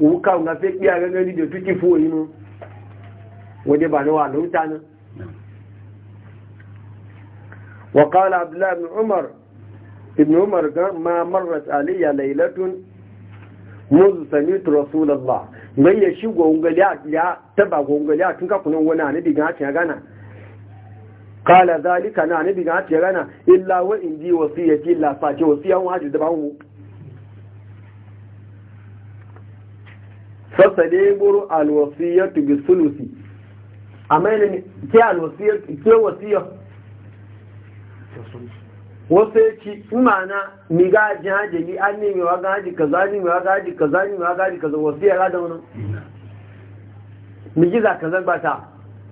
òun ká òun fẹ́ pé agẹ́gẹ́ níbi òtú kí fún òyìnú wọ́n dé wa ní wà ló ń tánú abdullahi ibn umar gan ma marrat aliyya lailatun muzu samitu rasulallah mai ya shi gongali ya taba gongali a tun kakunan wani anabi gan haka ya gana kala zalika na anabi gan haka ya gana illa wa indi wasiyati illa face wasiyan hajji da ba mu sasa ne buru alwasiyatu bi sulusi amma ne ke alwasiyatu ke wasiya wasu ya ci imana mi gaji hajjali an ne mewa gaji kaza ne mewa gaji kaza ne mewa gaji kaza wasu ya rada wani mi ji zakazan bata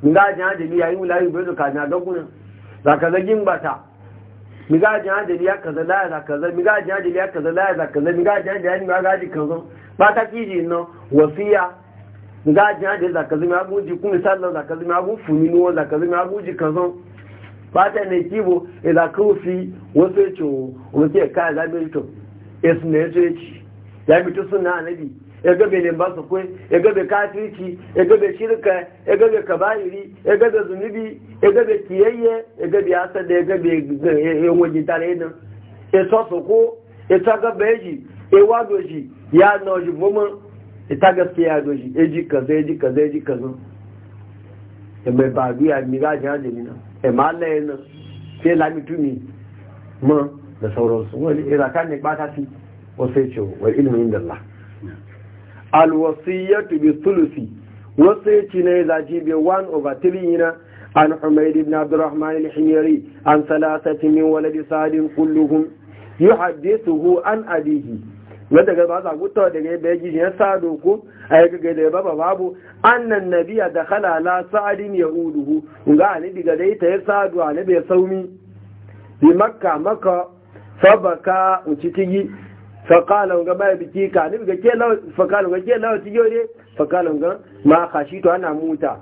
mi gaji yi yayin wulayi bai zuka na gaguna zaka zagin bata miga jihan da liya kaza la ya kaza miga jihan da liya kaza la ya kaza miga jihan da liya kaza kaza ba ta kiji no wasiya miga jihan da la kaza mi abu ji kun sallan la kaza mi abu funi no la kaza mi abu ji kaza ba ta ne kibo ila e kufi wasu ce o mu ke kai da mi to esne ce ya mi to sunna annabi ya gabe limban su kwai ya gabe kafirci e e e ya gabe shirka ya gabe kabayiri ya gabe zunubi ya gabe kiyayye ya gabe asar da ya gabe yan wajen tare nan ya so su ko ya ta ga ya ji ya wado shi ya na shi goma ya ta gaskiya ya doshi ya ji kaza ya ji kaza ya ji kaza ya mai ba biya mirajin hajjali nan ya ma'alaye nan sai lamitumi ma da sauransu wani iraka ne ba ta fi wasu ya ce wa ilimin da Allah alwasiyatu bi sulusi wasiyyaci ne zaji bi 1 over 3 yana an humaid ibn abdurrahman al-himyari an thalathati min waladi sadin kulluhum yuhaddithuhu an abihi wanda ga ba za ku tawa daga yadda ya ji ya sa doko a ya ga da baba babu annan nabiya da halala sa'adin yahuduhu ga ani diga da ta ya sadu ani bai saumi bi makka makka sabaka uci tigi fakalan ga baya biki ka ni ga ke lawa fakalan ga ke lawa tiyo ne fakalan ga ma khashitu ana muta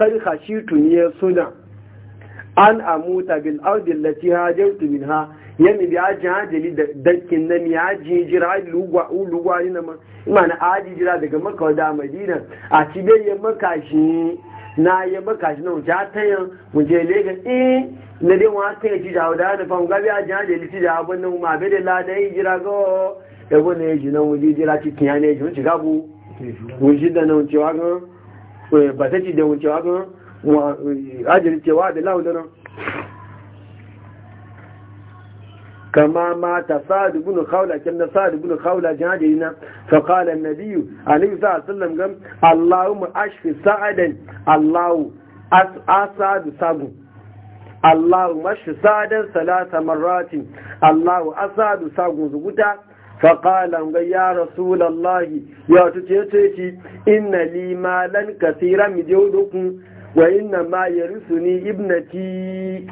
kai khashitu ne suna an amuta bil ardi allati hajawtu minha yami bi aji hajali da dakin nan ya ji jira lugwa lugwa ni na mana aji jira daga makka da madina a cibe ya makashi na ya makashi na wuce ta yan mu je legan eh na dai wa ta ci da wada da fam gabi a jan da ci da abun nan ma be da la dai jira go da e go ne ji nan wuji jira ci kiya ne ji ci gabu mun ji da nan ci wa ga e ba ta ci da mun ci wa ga e, wa ajiri ci wa da lawo da nan kama ma ta sadu bunu kaula kin na sadu bunu kaula jan da yana fa qala an-nabiy alayhi sallam gam allahumma ashfi sa'adan allah as'asadu sagu mashi sadar salata marati, Allahu asadu sagun zuguta faƙala ga ya rasulallahi ya tuce ce ci inna limalan kasira mi dukun wa inna ma ya ni ibnati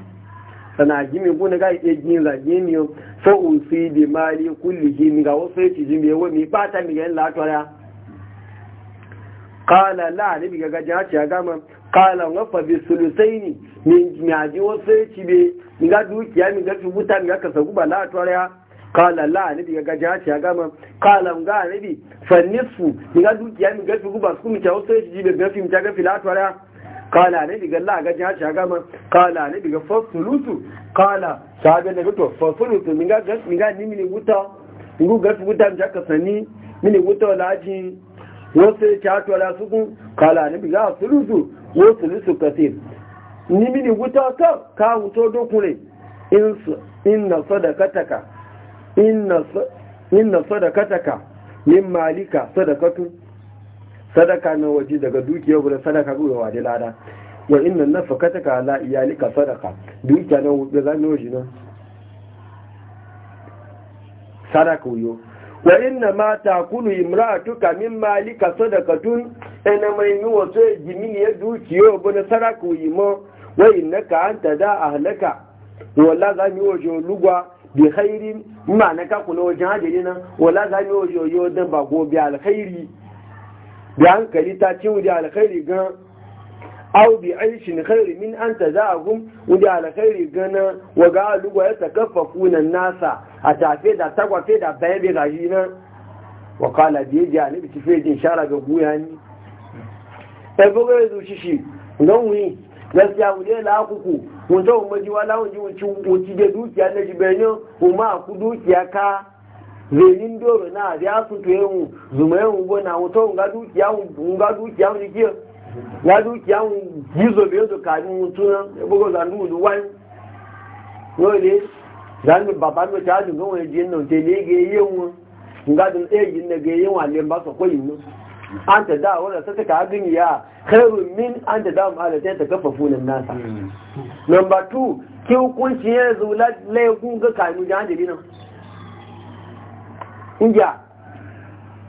sana gimi kuna ga iya gini za yau fa'un fi bi mali kulli gini ga wasu ya ci jimbe mi fata mi yin latwara la ni bi ga gajiya ce a gama kala wafa bi sulusaini min miaji wasu ya ci be ga dukiya mi ga tubuta min ga kasa guba la toriya kala la ne bi ga jaci ya gama kala ga ne bi fannisu mi ga dukiya mi ga guba su mi ta wasu ya ci be ga fi mi ta ga fi la toriya kala ne bi ga la ga jaci ya gama kala ne bi ga fasulusu kala sabe ne ga to fasulutu mi ga mi ga ni min wuta ngu ga tubuta min ga kasa ni mi wuta wala ji wasu ya ci a toriya su kun kala ne bi ga fasulutu wọ́n sì kase ni mini níbi ni wúta kan káàkùn tó dókùnrin inna sadakataka inna sadakataka min malika sadakatu sadaka na waje daga dukiyar wurin sadaka ga wade lada wa inna nafakataka ala iyalika sadaka dukiya na wuce zanen waje na sadaka wuyo wa inna ma takulu imra'atuka min malika sadaqatun ina mai mi wato jimini ya dukiyo bu na saraku yimo wa ka anta da ahlaka wala za mi wajo lugwa bi khairin ma na ka kula wajen hajiri nan wala za mi wajo yo dan ba bi alkhairi bi hankali ta cin da alkhairi gan aw bi aishin khairi min an tazahum wanda alkhairi gana wa ga lugwa ya takaffafuna nasa a tafe da tagwafe da bayan bi gaji nan wa qala bi janibi tifejin shara ga guyani sai bugu ya zuci shi don wi gaskiya mu dai lakuku mun zo mu ji wala mun ji mun ci mun ci da dukiya na ji benyo kuma ku dukiya ka zenin doro na ya sun to yin zumayen ubona mun to ga dukiya mun ga dukiya mun ji ya dukiya gizo biyu su kari mutunan e ya buga zandu da wani dole zandu babba da ta hajji gawon yaji nan te ne ga e yi wọn ngadun egin na ga yi wọn ba su kwayi mu an ta da wadda ta taka agin ya khairun min an ta da ma'ala ta kafa funan nasa number two ki hukunci ya zula laifin ga kanu da hajji nan inda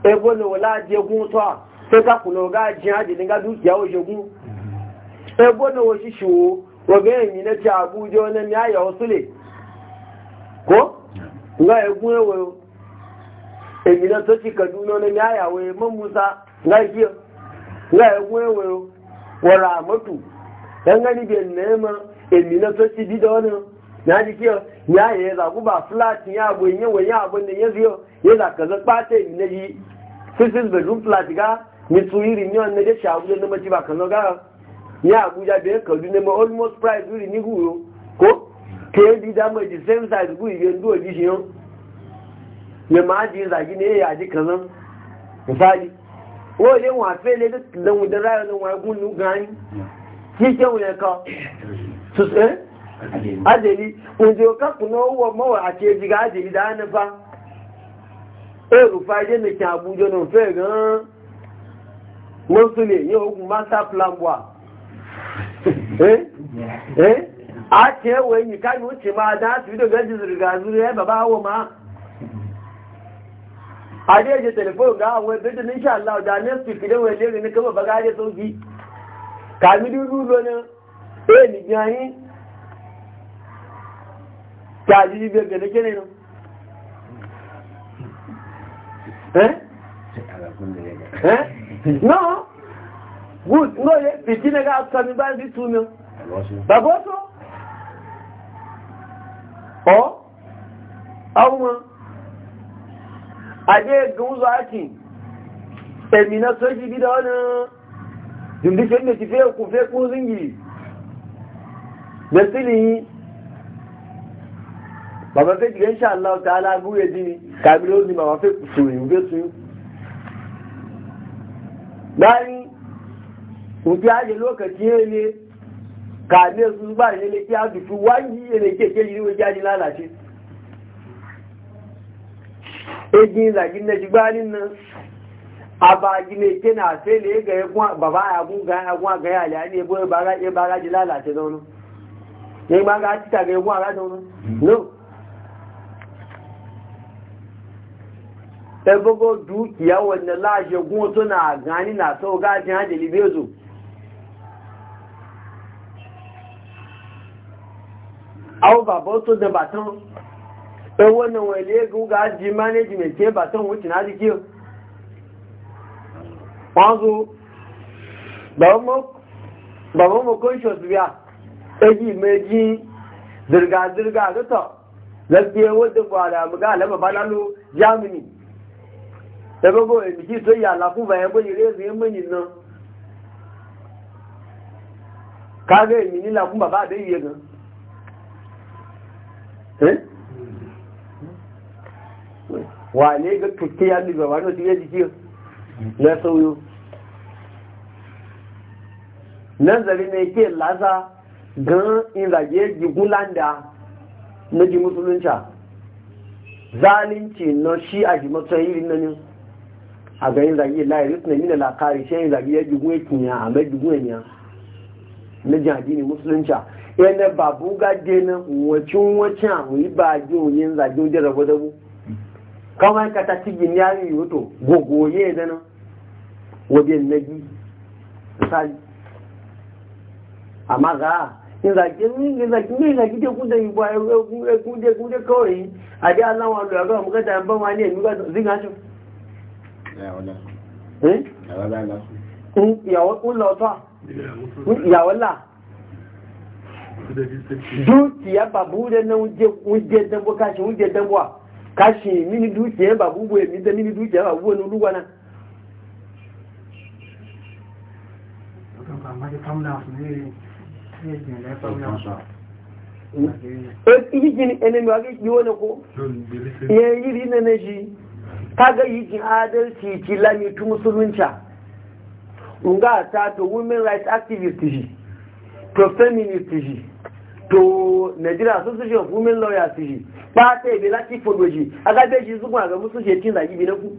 ebo na e wala je gun to sai ka kuna ga jin haji ne ga dukiya wa shogun sai gona wa shi shiwo wa na wasu ko nga ya gune emi na to kaduna wani ya yi wa man musa ga yi nga ya gune wa wa ramatu dan gani nema emi na to dida wani ya yi za zagu flat ya abu yin yawan ya abun da ya ziyo za zaka zaɓa ta emi na yi 6 flat ga mitsuri ni wannan da shagulo na maji ba Ya ga ni abuja biyan kaduna ma almost price wuri ni huyo ko kd damage same size gu yen do ji shi ne ma ji zagi ne ya ji kazan misali o le wa fe le da mu da rayo na wa gun lu gan ki ke ka su eh ajeli unje ka kuno wa ma wa ake da fa e, gan mọ́sílẹ̀ ní ogun master plan wà eh? eh? a ce yi ma da su da gaji a da yake telefon ga hawa bidin insha Allah da ne su fi da wai lere ne kama baga da sauki kami dudu lona eh ni gani ta ji biyar eh eh no good no ye fitina ga tsami ba bi tuna ba boso o awma aje guzo aki termina soji bi da wannan dimbi ke ne tife ku fe ku zingi da sili baba fe diga insha Allah ta'ala guye dini kabilo ni baba fe ku su be su bayan wuce haje lokaci ne kame su ba ne ne ya dutu wani ne ke ke yi wajen e ji lalace egin zagin na jibanin nan a bagi ne ke na sai ne ga ya kuma ba ba ya kun ga ya kuma ga ya liya ne boye ba ga ji lalace zaune ya yi ga cika ga ya kuma ga zaune no gogo dukiya wanda laje gun suna gani na sau gajin hajjali bezo au babo to da baton ɗan wannan wale guga ji management ke baton wuce na jiki wanzu babban makon shosbiya ɗaji mai ji zirga-zirga rita lafiya wadda ba da muga alama balalo germany ẹgbẹ́gbọ́ èmìjì tó yà láfúnfà ẹgbẹ́ ilé ẹ̀sìn mẹ́yìn náà káàrẹ́ èmì nílà fún bàbá àdé ìyẹ gan wà ní ẹgbẹ́ kìkí ya ní bàbá náà ti yẹ́ jíjí lẹ́sọ́ yóò nazari na yake lasa gan ìràyé jigúnláńdà méjì musulunca zalunci na shi a jimatsayi na ne a ga yin zagi la yaris na mina lakari shi yin zagi ya jugun yakin a amma jugun ya na jadi ne musulunci yana babu gaje na wacin wacin wuyi ba ji yin zagi wajen rabu da kawai ka ta ci gini yari yi wato gogoye da nan wajen nagi misali amma ga yin zagi yin zagi yin zagi da kuda yi ba ya kuda kuda kawai a ji alawan lura ga mu ga da ban wani ya yi ga ìyàwó ńlọ ọ̀tọ́ ìyàwó là dúkìá bàbú rẹ̀ náà oúnjẹ mini dúkìá bàbú bò mini gini ko? yiri shi. kaga yi jin adalci ci lami tu musulunci unga ta to women rights activist ji to feminist ji to Nigeria Association of Women Lawyers ji ba ta ibe lati fodo ji a ga ji zugun aga musu je tin zagi bi na ku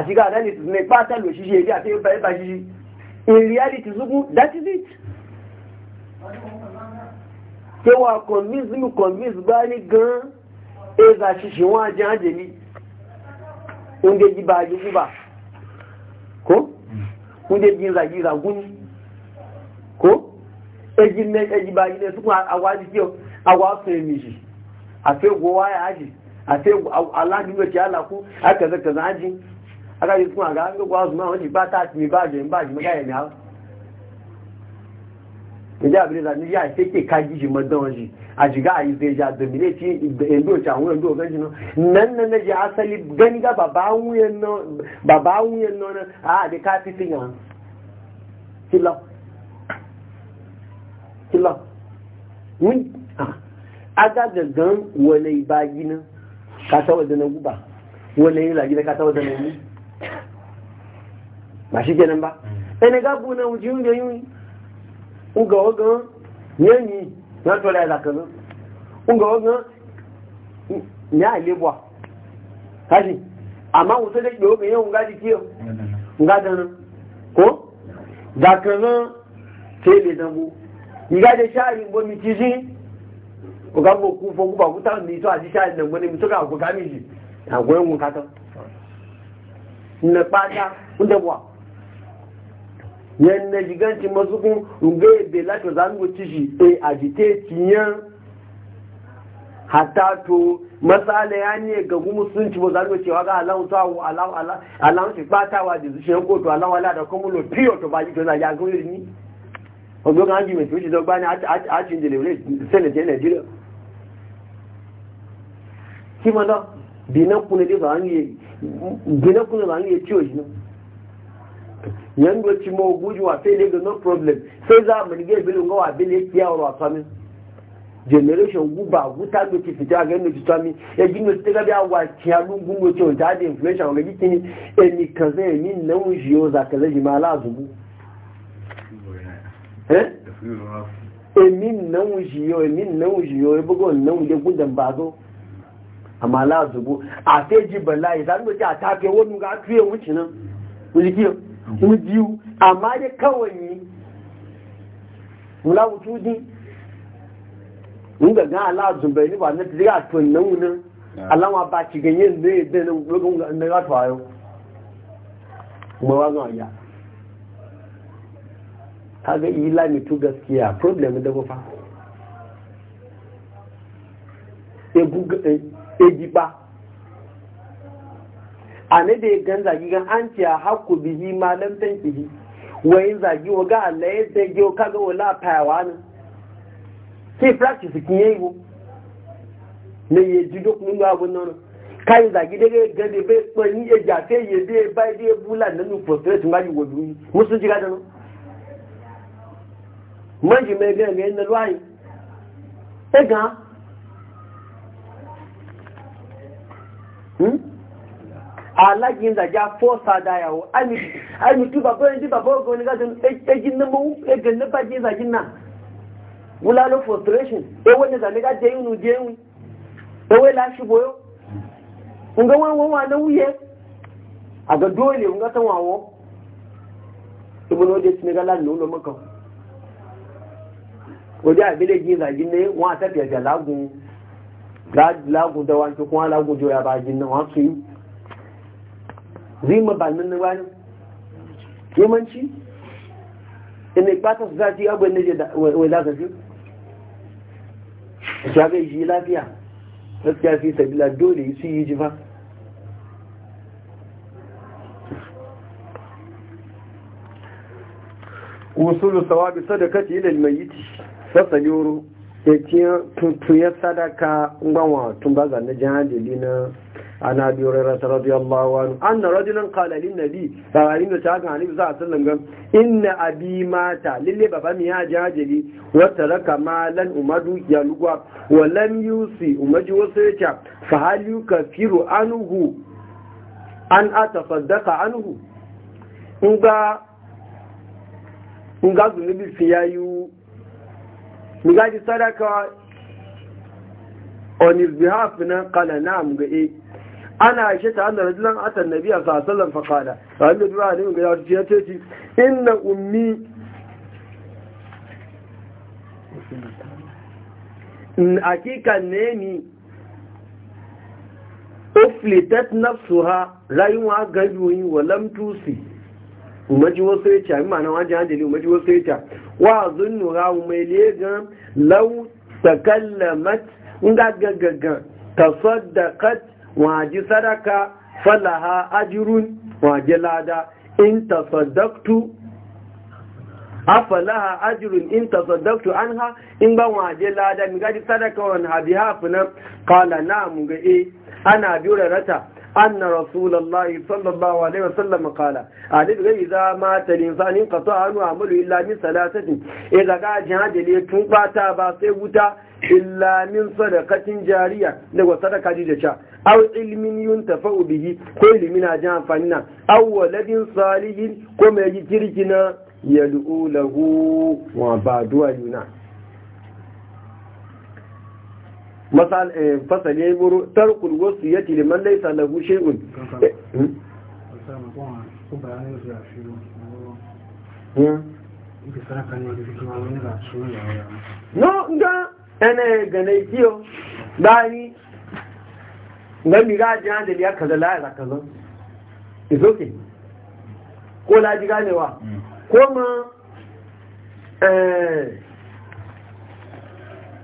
àti ga adani tu ne pa ta lo ṣiṣe ebi àti ba ba shishi. in reality zugun that is it ṣé wàá convince mi convince gbá ní gan-an ẹ̀ e ga ṣiṣẹ́ wọn ajá jẹ́ mi. oúnjẹ jí bá ajú gúbà kó oúnjẹ jí ìràjí ìràgún kó ẹjí bá ajú lẹ́tùkún àwọ̀ ajíjẹ́ àwọ̀ asùn èmìjì àti ègbò wáyà ájì àti aládùúgbò tí a làkú akẹ̀kẹ̀kẹ̀ ájì akájú tún àgá gbogbo asùn máa wọ́n ti bá táàtì mi bá àjẹ́ ń bá àjẹ́ mẹ́ta ẹ̀mí àwọn ìjẹ́ àbílẹ̀ a shiga a yi zai ja domine ci in do ca wuyan do ganshi no nan nan na ji asali gani ga baba wuyan no baba wuyan no a da ka fi tin yan kila kila mun a ga gangan wani ba gina ka ta wajen na guba wani yi lagi da ka ta wajen na yi ba shi kenan ba ɗaya mm. ga gabu na wuce yi yi yi uga wagan yanyi na tola ya zaka nan unga wanga ya lebwa kaji amma wuce da ke wanga yau ngadi kiyo ngada nan ko zaka nan tele dambu ngada shari bo mitiji ogambo ku fo ku ba ku ta ni to aji shari nan wani mutuka ku kamiji agwe mun kata ne pata unda bwa yan na giganci masu kun nga ebe zango cishi e ajite tiyan hatta to masala ya ne ga gumu sun ci ba cewa ga alawu ta wa alawu alawu ci bata wa jizu shi ko to ala da kuma lo piyo to ba ji na ya yi ni ogo ga ji to ji ba ni a ci ndele le sele je ne dire ki mo do bi na kunu de ba ni bi na kunu ba ni e ciwo shi no yan doci ma gujewa sai dai ga no problem sai za mu rige bilin gawa bilin kiyawar wasa min generation guba guta doci fita ga e yanzu ta e mi ya gino su tiga biya wa kiyalu gungo ce wanda ada inflation wanda giki ni emi kaza emi na wuji yau za ka zaji ma la zubu emi eh? eh? e na jiyo yau emi na wuji yau ya bugo na wuji gudan ba zo ama la zubu a sai ji bala'i za mu ce a tafe wani ga tuye wuce nan wuji kiyo mujiyu amma dai kawai mula wujudi nga ga ala zumbai ne ba na ta ga to nan wuna ah. ala wa ba ci ganyen ne da nan lokacin ga na ga to ayo kuma wa ga ya kaga ila mi tu gaskiya problem da gofa e gugu e giba e ane da gan zagi gan an ciya haku bihi malam tanki bi wayin zagi wa ga Allah ya zage wa kaga wala fayawa nan sai practice kin yi go ne ye ji dok ga abun nan kai zagi daga gan da bai kwani ya ja sai bai bai da bula nan nu frustrate ngali go du musu ji ga dan manji mai gan e ga nan ruwai sai ga Hmm? alagin e, e e da fosa da yawo na na frustration ga je boyo wuye a dole kun ga wawo ga maka ne a tafiya da lagun lagun da lagun ba zima ba nan na wani yamanci inda ikpata su zafi abuwa inda wai zafi ya ga iji lafiya lafiya fi sabila dole su yi ji ba wasu lusawa bisa da kati ilil mai yi sassa ne tun ya sadaka gbanwa tun ba zane jihadili na ana biyu rarrata radiyallahu anu an na rajulan kalalin nabi saurayin da shagan hannun za a sallan gan inna abi mata lille baba mi ya jihadili wata raka malan umaru ya lugwa walam yusi umaji wasu ya ca fa haliyu kafiru anuhu an ata saddaka anuhu in ga zunubi fiyayu mi sadaka on his behalf na kala na'am ga e ana aisha ta annar rajulan atan nabiya sallallahu alaihi wasallam fa qala rabbi du'a ne ga ya ce ci inna ummi hakika ne ni uflitat nafsuha rayuwa gajuyi wa lam tusi umaji wasu ya ce a mi ma'ana wajen hajjali umaji wasu ya ce wa zunnu rawu mai legan lau takallamat nga ta tasaddaqat wa ji sadaka falaha ajrun wa ji lada in tasaddaqtu afalaha ajirun in an ha in ba wa ji lada mi ga ji sadaka wa hafi nan kala na mu ga e ana biyu rata أن رسول الله صلى الله عليه وسلم قال أعلم إذا مات الإنسان انقطع عنه عمله إلا من ثلاثة إذا قال جهاد لي تابا باسيوتا إلا من صدقة جارية لو صدقة جيجة أو علم ينتفع به كل من أجان فننا أو ولد صالح كما يجرجنا يدعو له وبعدوا ينام masal fasale buru tarkul wasu ya tiliman laisa na gushe un no nga ene gane kiyo dani nga mi ga jan da ya kaza la ya kaza is okay ko la ji ganewa ko ma eh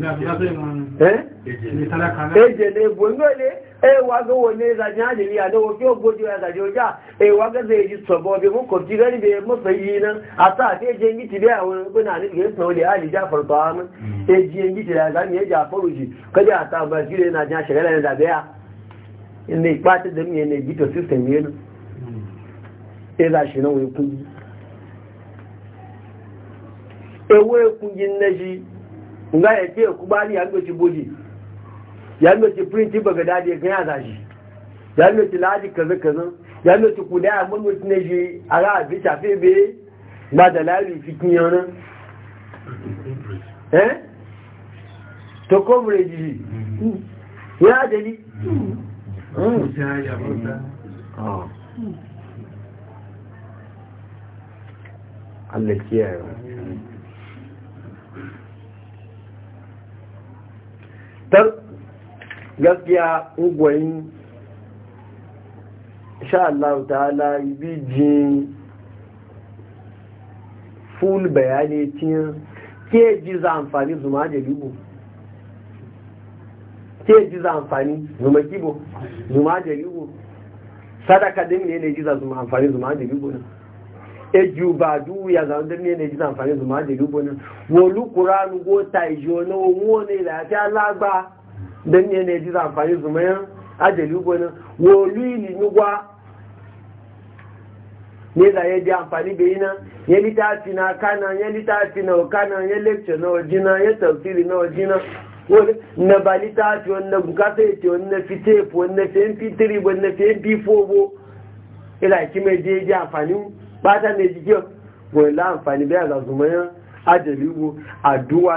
Eh? ejele egbo ngole ewa eh, ga wo ne za nya jeli ya do kyo bojo ya za joja ewa eh, ga ze ji sobo be mu ko ti be mu sayi asa te je ngi ti be awon ko na ni ge so le ali ja far taam mm. e je ngi ti la ga ni ja faru ji ka ja ta ba ji na nya shagala ne da be ya ne pa te de mi ne ji to system ye no mm. e za shi nan we ku ewe ku ji nga ya ce ku bani ya ngoci bodi ya ngoci printi baga dadi ga ya zashi ya ngoci ladi kaza kaza ya ngoci kuda ya mun ngoci ne ji ara bi ta fe be na da lari fikin yana eh to komre ji ya dali Allah kiyaye. ta gaskiya ugwayin sha'allahu ta'ala bi jin ful bayani tin ke ji za amfani zuma da libo ke ji za amfani zuma kibo zuma da libo sadaka din ne ne ji za zuma amfani zuma da libo ne eju ba du ya za nder ne ne ji amfani zuma da rubo nan wolu qur'an go ta ijo no wo ne la ta lagba nder ne ne ji zuma ya aje wolu da amfani da yana na kana nye litafi na kana ya lecture na wajina tafsiri na wajina na ba litafi wannan bukata 3 4 bata ne jike wani la'amfani amfani bai ga zumayen ajali bu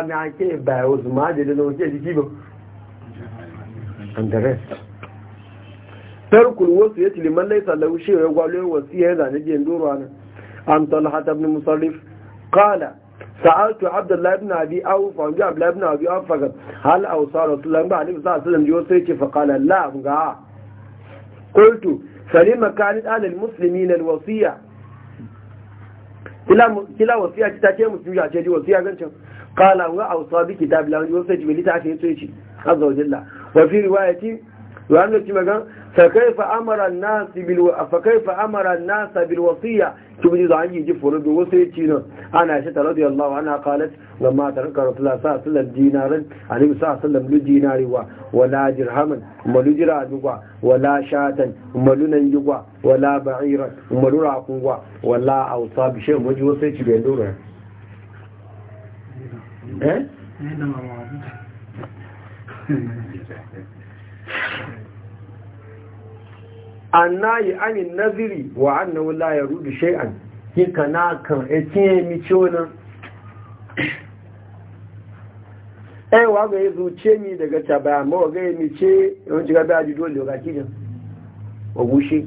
na ake bayo zuma ajali na wace jiki ba and the rest wasu ya tiliman laisa lau shi ya gwalo wasu ya zane jiyan doro ana an talha ta ibn musarrif Abdullahi سألت قلت فلما كانت أهل المسلمين الوصية kila wasiya ta ce mu juya ce wasiya gancin qala wa awsa bi kitab la wasiya ta ce ta ce azza wa jalla wa fi riwayati wa annabi magan فكيف امر الناس بالو... فكيف امر الناس بالوصيه تبدي ذا يجي جفر بوصيتنا انا عائشه رضي الله عنها قالت لما ترك رسول الله صلى الله عليه وسلم دينارا عليه الصلاه والسلام لو ديناري وا ولا درهما ولا درهم ولا شاة ولا نجوا ولا بعيرا ولا راقوا ولا اوصى بشيء وجه وصيتي بيندورا ايه annayi anin naziri wa annahu la rudu shay'an kika na kan etin mi ciwonan eh wa ga zuce mi daga taba ma ga mi ce don jiga ba di dole ga kijin wa bushe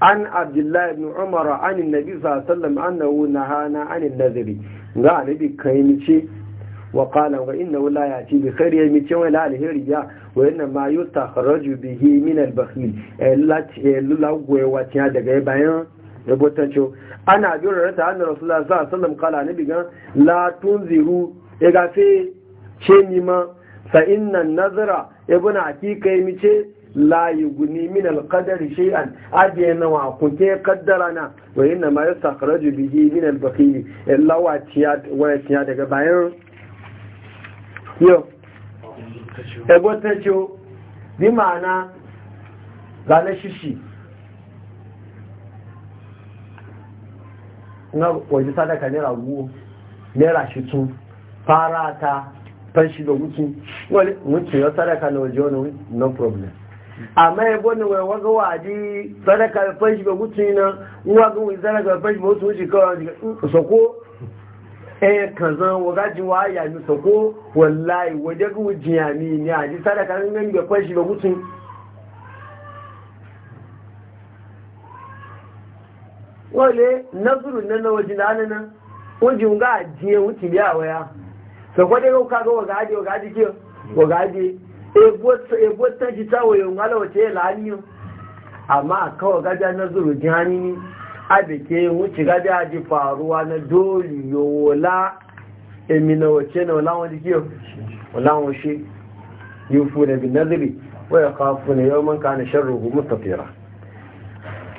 an abdullahi ibn umar an annabi sallallahu alaihi wasallam annahu nahana anin naziri ga annabi kai mi ce wa qala wa innahu ya yati bi khairi mi ce wa alheri ya wani ma yi tafaraju bihi min albakli lagwewa tiya daga bayan rubutancin ana biyu da rata hannun rasulullah sallallahu alaihi wasallam kala na bigan la tunziru ya gafe ce ni ma fa inna nazara ibn hakika mi ce la yuguni min alqadari shay'an adiyana wa kunke qaddarana wa inna ma yastakhraju bihi min albakili illa wa tiya wa tiya daga bayan yo ẹgbọ́tẹ́ṣọ́ bi màánà lálẹ́ ṣíṣì na waje sadaka nera guwo nera shitun fara ta fashi da wuki wani wuki ya sadaka na waje wani no problem amma ya gwani wai waga waje sadaka da fashi da wuki na waga wani sadaka da fashi da wuki kawai mm, soko. eh kazan wagaji wa ya mi sako wallahi waje gu jiyami ni a ji sadaka nan nan ga kwashi ba gutun wale nazuru nan na waje nan nan waje ga jiye wuti biya waya sako dai ka ga wagaji wagaji ke wagaji e eh, bota e eh, bota ji tawo yo ngala wace aka amma kawai gaja nazuru jihani ni abike wuce gabi aji faruwa na dole yowola emina wace na walawan jikiyo wani shi yufu da bin naziri waya kafu na yau manka na shan ruhu mustafira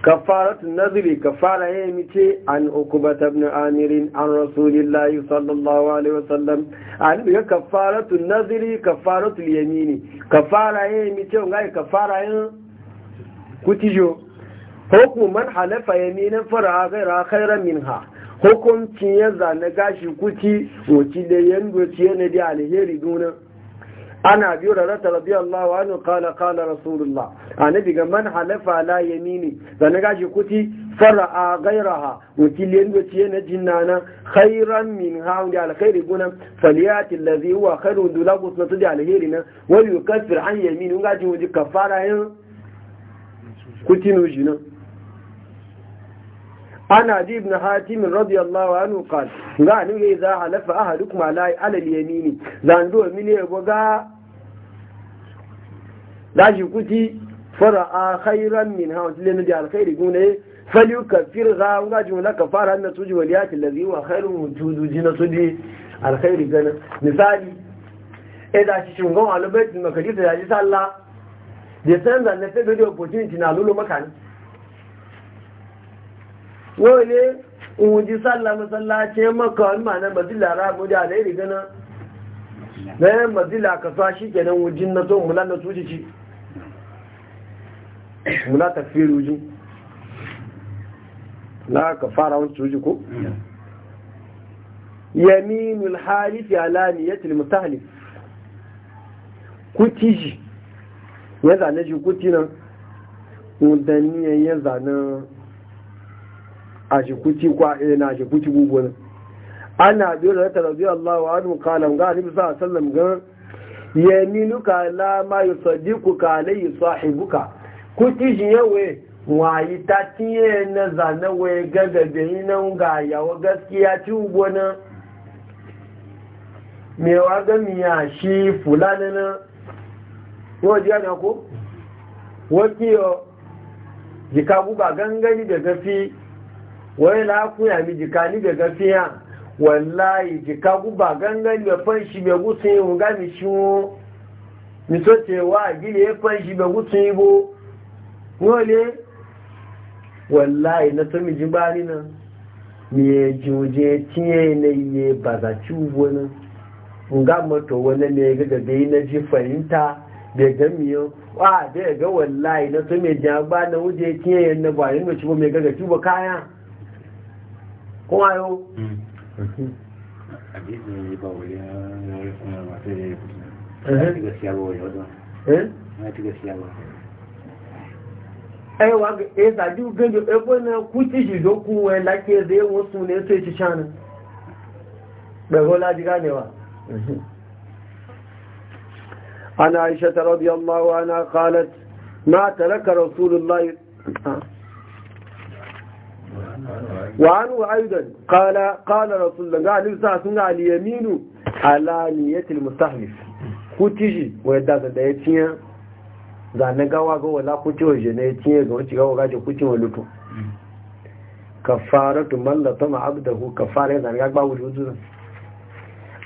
kafaratun ka kafara ya yi mice an ukubata ibn amirin an rasulillahi sallallahu alaihi wasallam an biya kafaratun naziri kafaratul yamini kafara ya yi mice wani kafara yin kutijo hukuman halafa yaminin fara gaira ha minha hukunci ya zane gashi kuki wuci da yanzu ci yana da alheri duna ana biyu da rata rabi Allah wa anu kala kala rasulullah a na ga man halafa la yamini zane gashi kuki fara a gaira ha wuci da yanzu ci yana jinnana khairan ha da alheri duna faliyati lazi wa khairu dulagu sunatu da alheri na wani yukaffir an yamini ngaji wuji kafara yin kuci nuji ana abi ibn hatim radiyallahu anhu qal ga ni ga za halafa ahadukum ala alal yamini zan do mini yabo ga daji kuti fara'a khairan min ha wanda ne da alkhairi gune falyukaffir ga ga jumla kafara an suji waliyati allazi wa khairun wujudu jina suji alkhairi gana misali da shi shugaban alubaitin makadisa ya ji sallah da san zanne sai da opportunity na lulu makani wole uji sallah masallacin maka wani ma na mazila rabu da alayi riga na na yin mazila ka sa shi kenan wujin na so mula na suci ci mula tafiyar wujin na ka fara wani suci ko yaminul halifi alaniyatul mutahalif kuti shi ya zane shi kuti nan wadanniyan ya zane a shi kuci kwa eh, na shi kuci gugun ana biyu da ta rabi Allah wa anu kalam ga ni bisa sallam ga yaminuka la ma yusaddiquka alayhi sahibuka kuci shi yawe wayi ta tiye na zana wai gaga da nan ga yawa gaskiya ci gugunan mewa ga miya shi fulani na yau jiya na ko wakiyo jika guba gangani da gafi wani ya mi jika ni ga gafiya wallahi jika guba gangan da fanshi mai gutsun yi ga mi shi wo mi so cewa a ya fanshi mai gutsun yi bo wale wallahi na so mi ji bani nan mi ya juje tiye na iye ci ugbo nan ga mato wani ne ga yi na ji fahimta da yau, wa da ga wallahi na so ji ba na wuje tiye na ba yin da ci ba mai gaga ci ba kaya kuma yau aiwa e zaji ganjo ebe na kuci shi dokun wai lake zai wasu ne sai ci shanin ganewa وعنه أيضا قال قال رسول الله قال نفسه سنة على اليمين على نية المستحلف كتشي ويدازة دايتين zanen gawa ga wala kuce wa jene cinye ga wacce gawa gaje kuce wa lutu kafara tu mallata ma abdahu kafara yana ga ba wujudu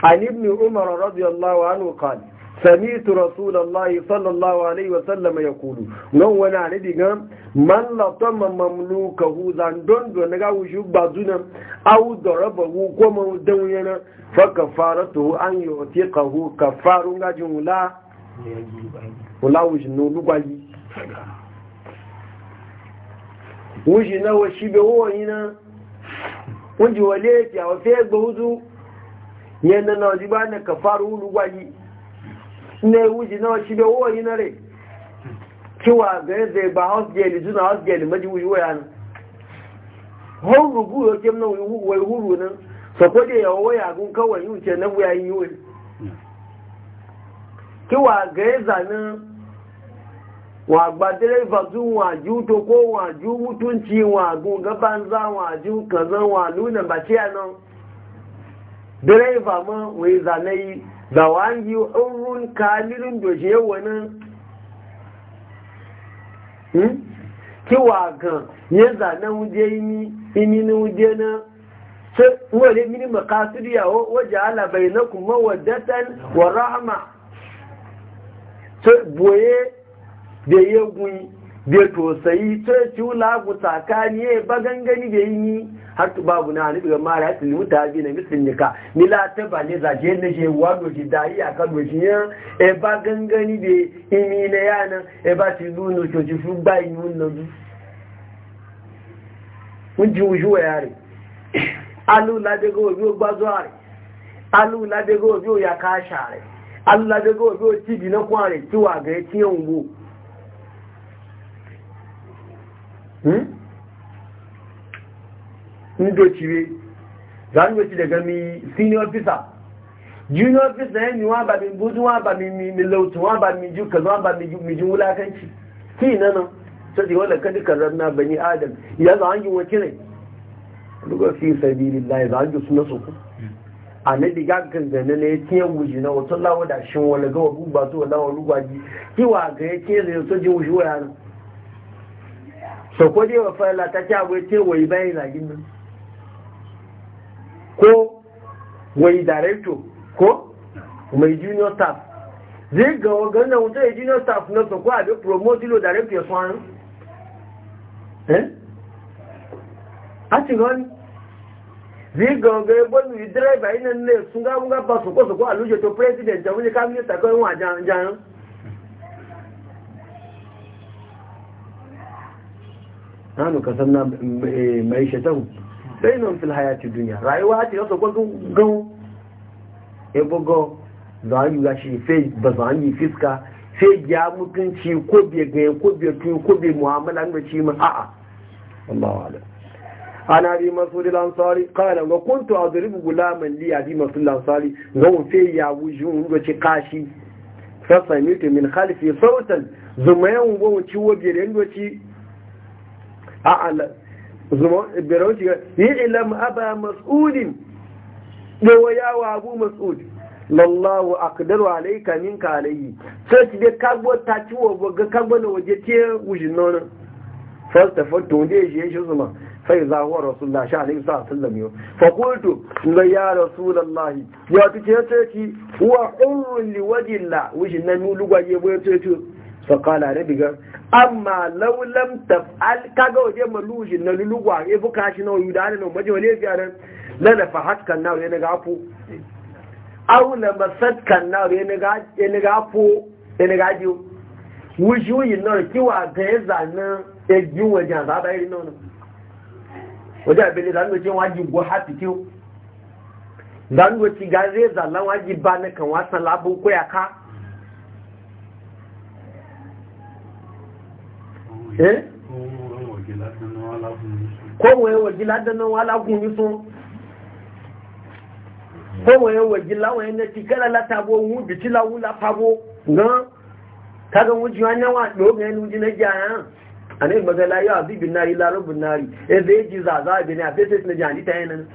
an ibn umar radiyallahu anhu qala سميت رسول الله صلى الله عليه وسلم يقول نو وانا ندي غام من لطم مملوكه زندون دون دون غا وجو بازونا او ضربه كما دونينا فكفارته ان يعتقه كفار غا جملا ولا وجنو لغاي وجنا وشيبه هو هنا وجي وليك يا وفيك بوزو يننا وجبانا كفار ولغالي ne wuji na shi da woyi na re kiwa gare zai ba house girl juna house girl maji wuji waya nan hon rubu ya kem na wai huru nan so ko da yawo waya gun kawai yi ce na wuya yin yoyi kiwa gare zanin wa gba direba tun wa ju to ko wa ju mutunci wa gun gaban za wa ju kazan wa nuna baciya nan direba ma wai yi. zawangi hurun kalirin doje wani hmm? kiwa ga yin zane wuje imi imini wuje na sai wale mini makasir yawo waje alabai na kuma wadatan wa rahama sai boye da ya gwi da tosayi sai ciwula gu tsakani ya e, yi bagangani da yi har babu na ni ga mara yatin mutabi na misin nika ni la ta ba ne zaje ne je wado ji dai aka kan wajin ya e ba gangani be imi na yana e ba ti dunu to ji fu ba inu na du mun ji uju yare alu la de go yo gbazo are alu la de go yo ya ka share alu la de go yo ti bi na kware ti wa ga e ti yan wo hmm ndochiwe zanweci daga mi senior officer junior officer ne mi wa ba mi buzu wa ba mi mi lautu wa ba mi ju kaza wa ba mi ju wulakanci ki na nan sai wala kadi karanna bani adam ya za an yi wace ne duka fi sabilillah za an ji suna so su a na diga gangane ne ya tiye wuji na wato lawo da shin wala ga wabu ba su wala wani gwaji kiwa ga ya ke zai so ji wuji wa yana so ko dai wa fara ta ci abu ya ce wa yi bayan ko wai director ko mai junior staff zai ga wagannan wuta ya junior staff na su ko a bi promote lo director ya swan eh a ci gani zai ga wagannan ya bani yi driver ina ne sun ga mun gaba su ko ko a luje to president da wani kamun ta kawai wa jan nanu kasan na eh, mai shatan nan fil hayati duniya rayuwa ce yasa kwa gan ebogo zan yi shi fe ba zan yi fiska fe ya mutunci ko bai gaya ko bai tuyo ko bai mu'amala ga shi ma a'a Allahu alam ana bi masud al-ansari qala wa kuntu adribu gulaman li abi masud al-ansari gan fe ya wujun ga ci kashi fa mutu min khalfi sautan zumayan gon ci wobiyar ndo ci a'ala zuma ibrahim shiga yi ilam aba mas'udin da wayawa abu mas'ud lallahu aqdaru alayka minka alayhi sai ki da kagbo ta ci wa ga kagbo na waje te wujin nona first of all to je je shi zuma sai za huwa rasulullah sha alaihi sallam yo fa qultu la ya rasulullah ya tuke sai ki huwa hurrun liwajillah wujin nan mu lugwaje bayan sai to fa qala rabiga amma laulam taf'al kaga waje malujin na lulugwa ya buka shi na yuda ne no maje wale ga nan la la fa hakkan na ne ga afu aw la masat kan na ne ga ne ga afu ne ga ji wuju yin na kiwa ga yaza na e ji waje za ba irin nono waje abele da no ce waji go happy ki dan go ci ga yaza lan waji ba na kan wasan labu ko ya ka eh ko waye waje ladan nan wala kun yi sun ko waye waje lawaye na la wu la wula pabo ngan kaga wuji wannan wa do ga ni wuji na jaya anil magala ya bi bin nari la rabbun nari e zai ji zaza bi ne a fesis na ni ta yana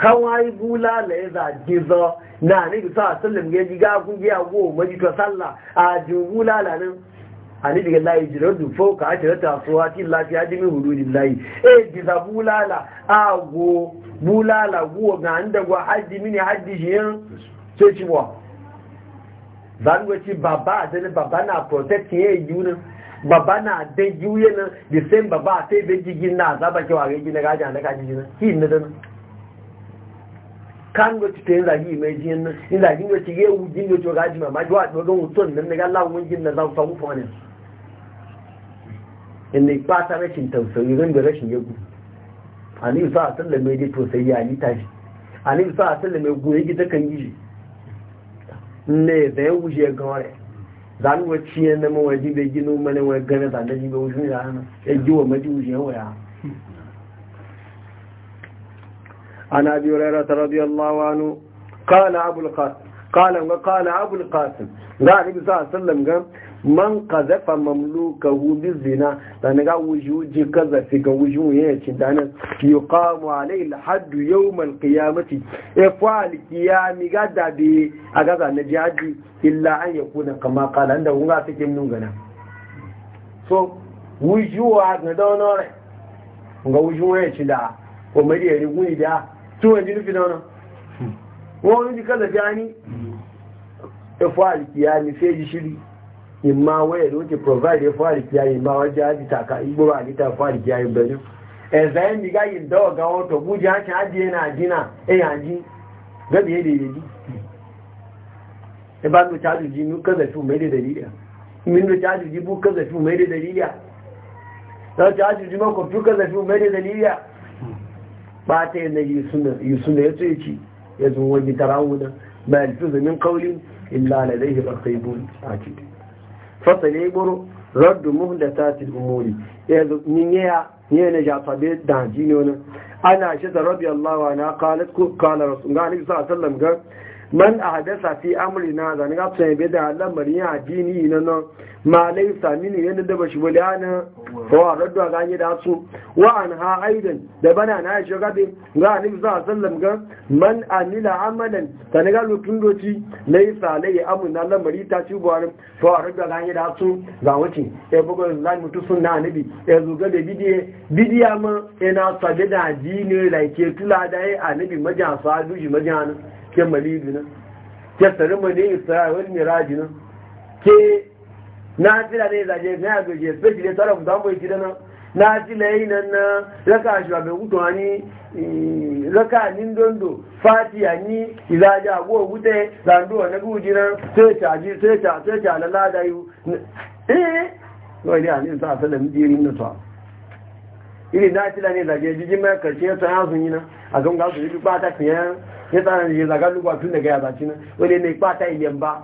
kawai bula la ya za na anabi sa sallam ya ji ga ya go maji to sallah a jugu lalanin anabi ga layi a tare ta suwa ti lafiya ji hudu e ji za bulala a go bulala go ga da gwa haji mini haji shi yan sai ci wa zan go ci baba da baba na protect yunin baba na da yuyin baba sai jigin na zaba ki wa ga gina na na kan go ti tayin zagi mai jin nan in zagi go ti ye jin go to gaji ma ma jwa do mutun nan daga Allah mun jin na zan fa ufa ne in ne ba ta rashin tausayi ran da rashin yagu ani sa sallan mai dai to sai ya ni tashi ani sa sallan mai goye gida kan yi ne da ya wuje ga ware zan go ci ne mu waji be mana wa gana da da ji be ne ya na ya ji wa maji wuje wa عن أبي هريرة رضي الله عنه قال أبو القاسم قال وقال أبو القاسم قال النبي صلى الله عليه وسلم قال man kazafa mamlukahu bizina da na ga wujuji kazafi ga wujun yace da nan yuqamu alayhi alhadd yawm alqiyamati e fa alqiyami ga da bi a ga na jihadi illa an yakuna kama qala inda kun ga take mun gana so wujuwa ga donore ga wujun yace da ko mai da rigu da tí wọ́n jí ní fìdánà wọ́n ní jíkà lọ́fí á ní ẹfọ́ àríkìá ní fẹ́jì ṣírí ìmá wẹ́ẹ̀ ló ti provide ẹfọ́ àríkìá ìmá wọ́n jẹ́ àjítàkà igbóró àríkà ẹfọ́ àríkìá ìbẹ̀lú ẹ̀zà ẹ̀mí gáyì dọ́ọ̀gá wọn tó bú jẹ́ àṣà àjẹ́ náà àjínà ẹ̀yà jí ba ta yana yi suna ya tsaye ci ya zuwa wani tarawuna ba ya tuzo min kaulin illa la zai ba kai bun a cikin fasa ne goro raddu ci umuri ya zuwa ni ya ne na jafa be da jini wani ana shi da rabbi Allah na qalat ku ga ni sallallahu ga man a hadasa fi amrina zane ga tsaye bai da lamarin yin addini na nan ma laisa minu yadda da bashi wuli ana wa raddu ga yi da su wa an ha aidan da bana na ya shiga bi ga annabi sallallahu alaihi wasallam ga man a amila amalan zane ga lutun doci Lai laisa lai amrina lamari ta ci buwar wa raddu ga yi da su ga wuce ya bugo zan mutu sunna annabi ya zuga da bidiye bidiya ma ina sabe da addini laike tula da annabi majasa duji majana ke malidu nan ke sarumani isra'a wani miraji nan ke na fila ne zaje na ya gaje especially ne tara mutan bai kida nan na fila yi nan na raka shi ba hutu hani eh, raka nin dondo fati ya ni izaja go gute zanduwa na guji nan sai ta ji sai ta sai ta lalada yi eh wai ne ani sa salamu dirin na to iri na tila ne zage jiji mai karshe ta ya sun yi na a kan gasu yi ba ta tiyan ya tsara ne zaga lugwa tun daga ya zaci na wani ne ba ta iyan ba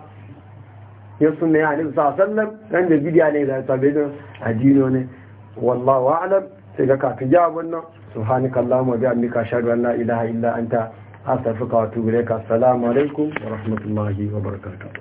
ya sun ya sa sallam kan da bidiya ne da ta bejin adino ne wallahu a'lam sai ga kafin ya wannan subhanaka allahumma bi amrika ashhadu an la ilaha illa anta astaghfiruka wa atubu ilaik assalamu alaikum wa rahmatullahi wa barakatuh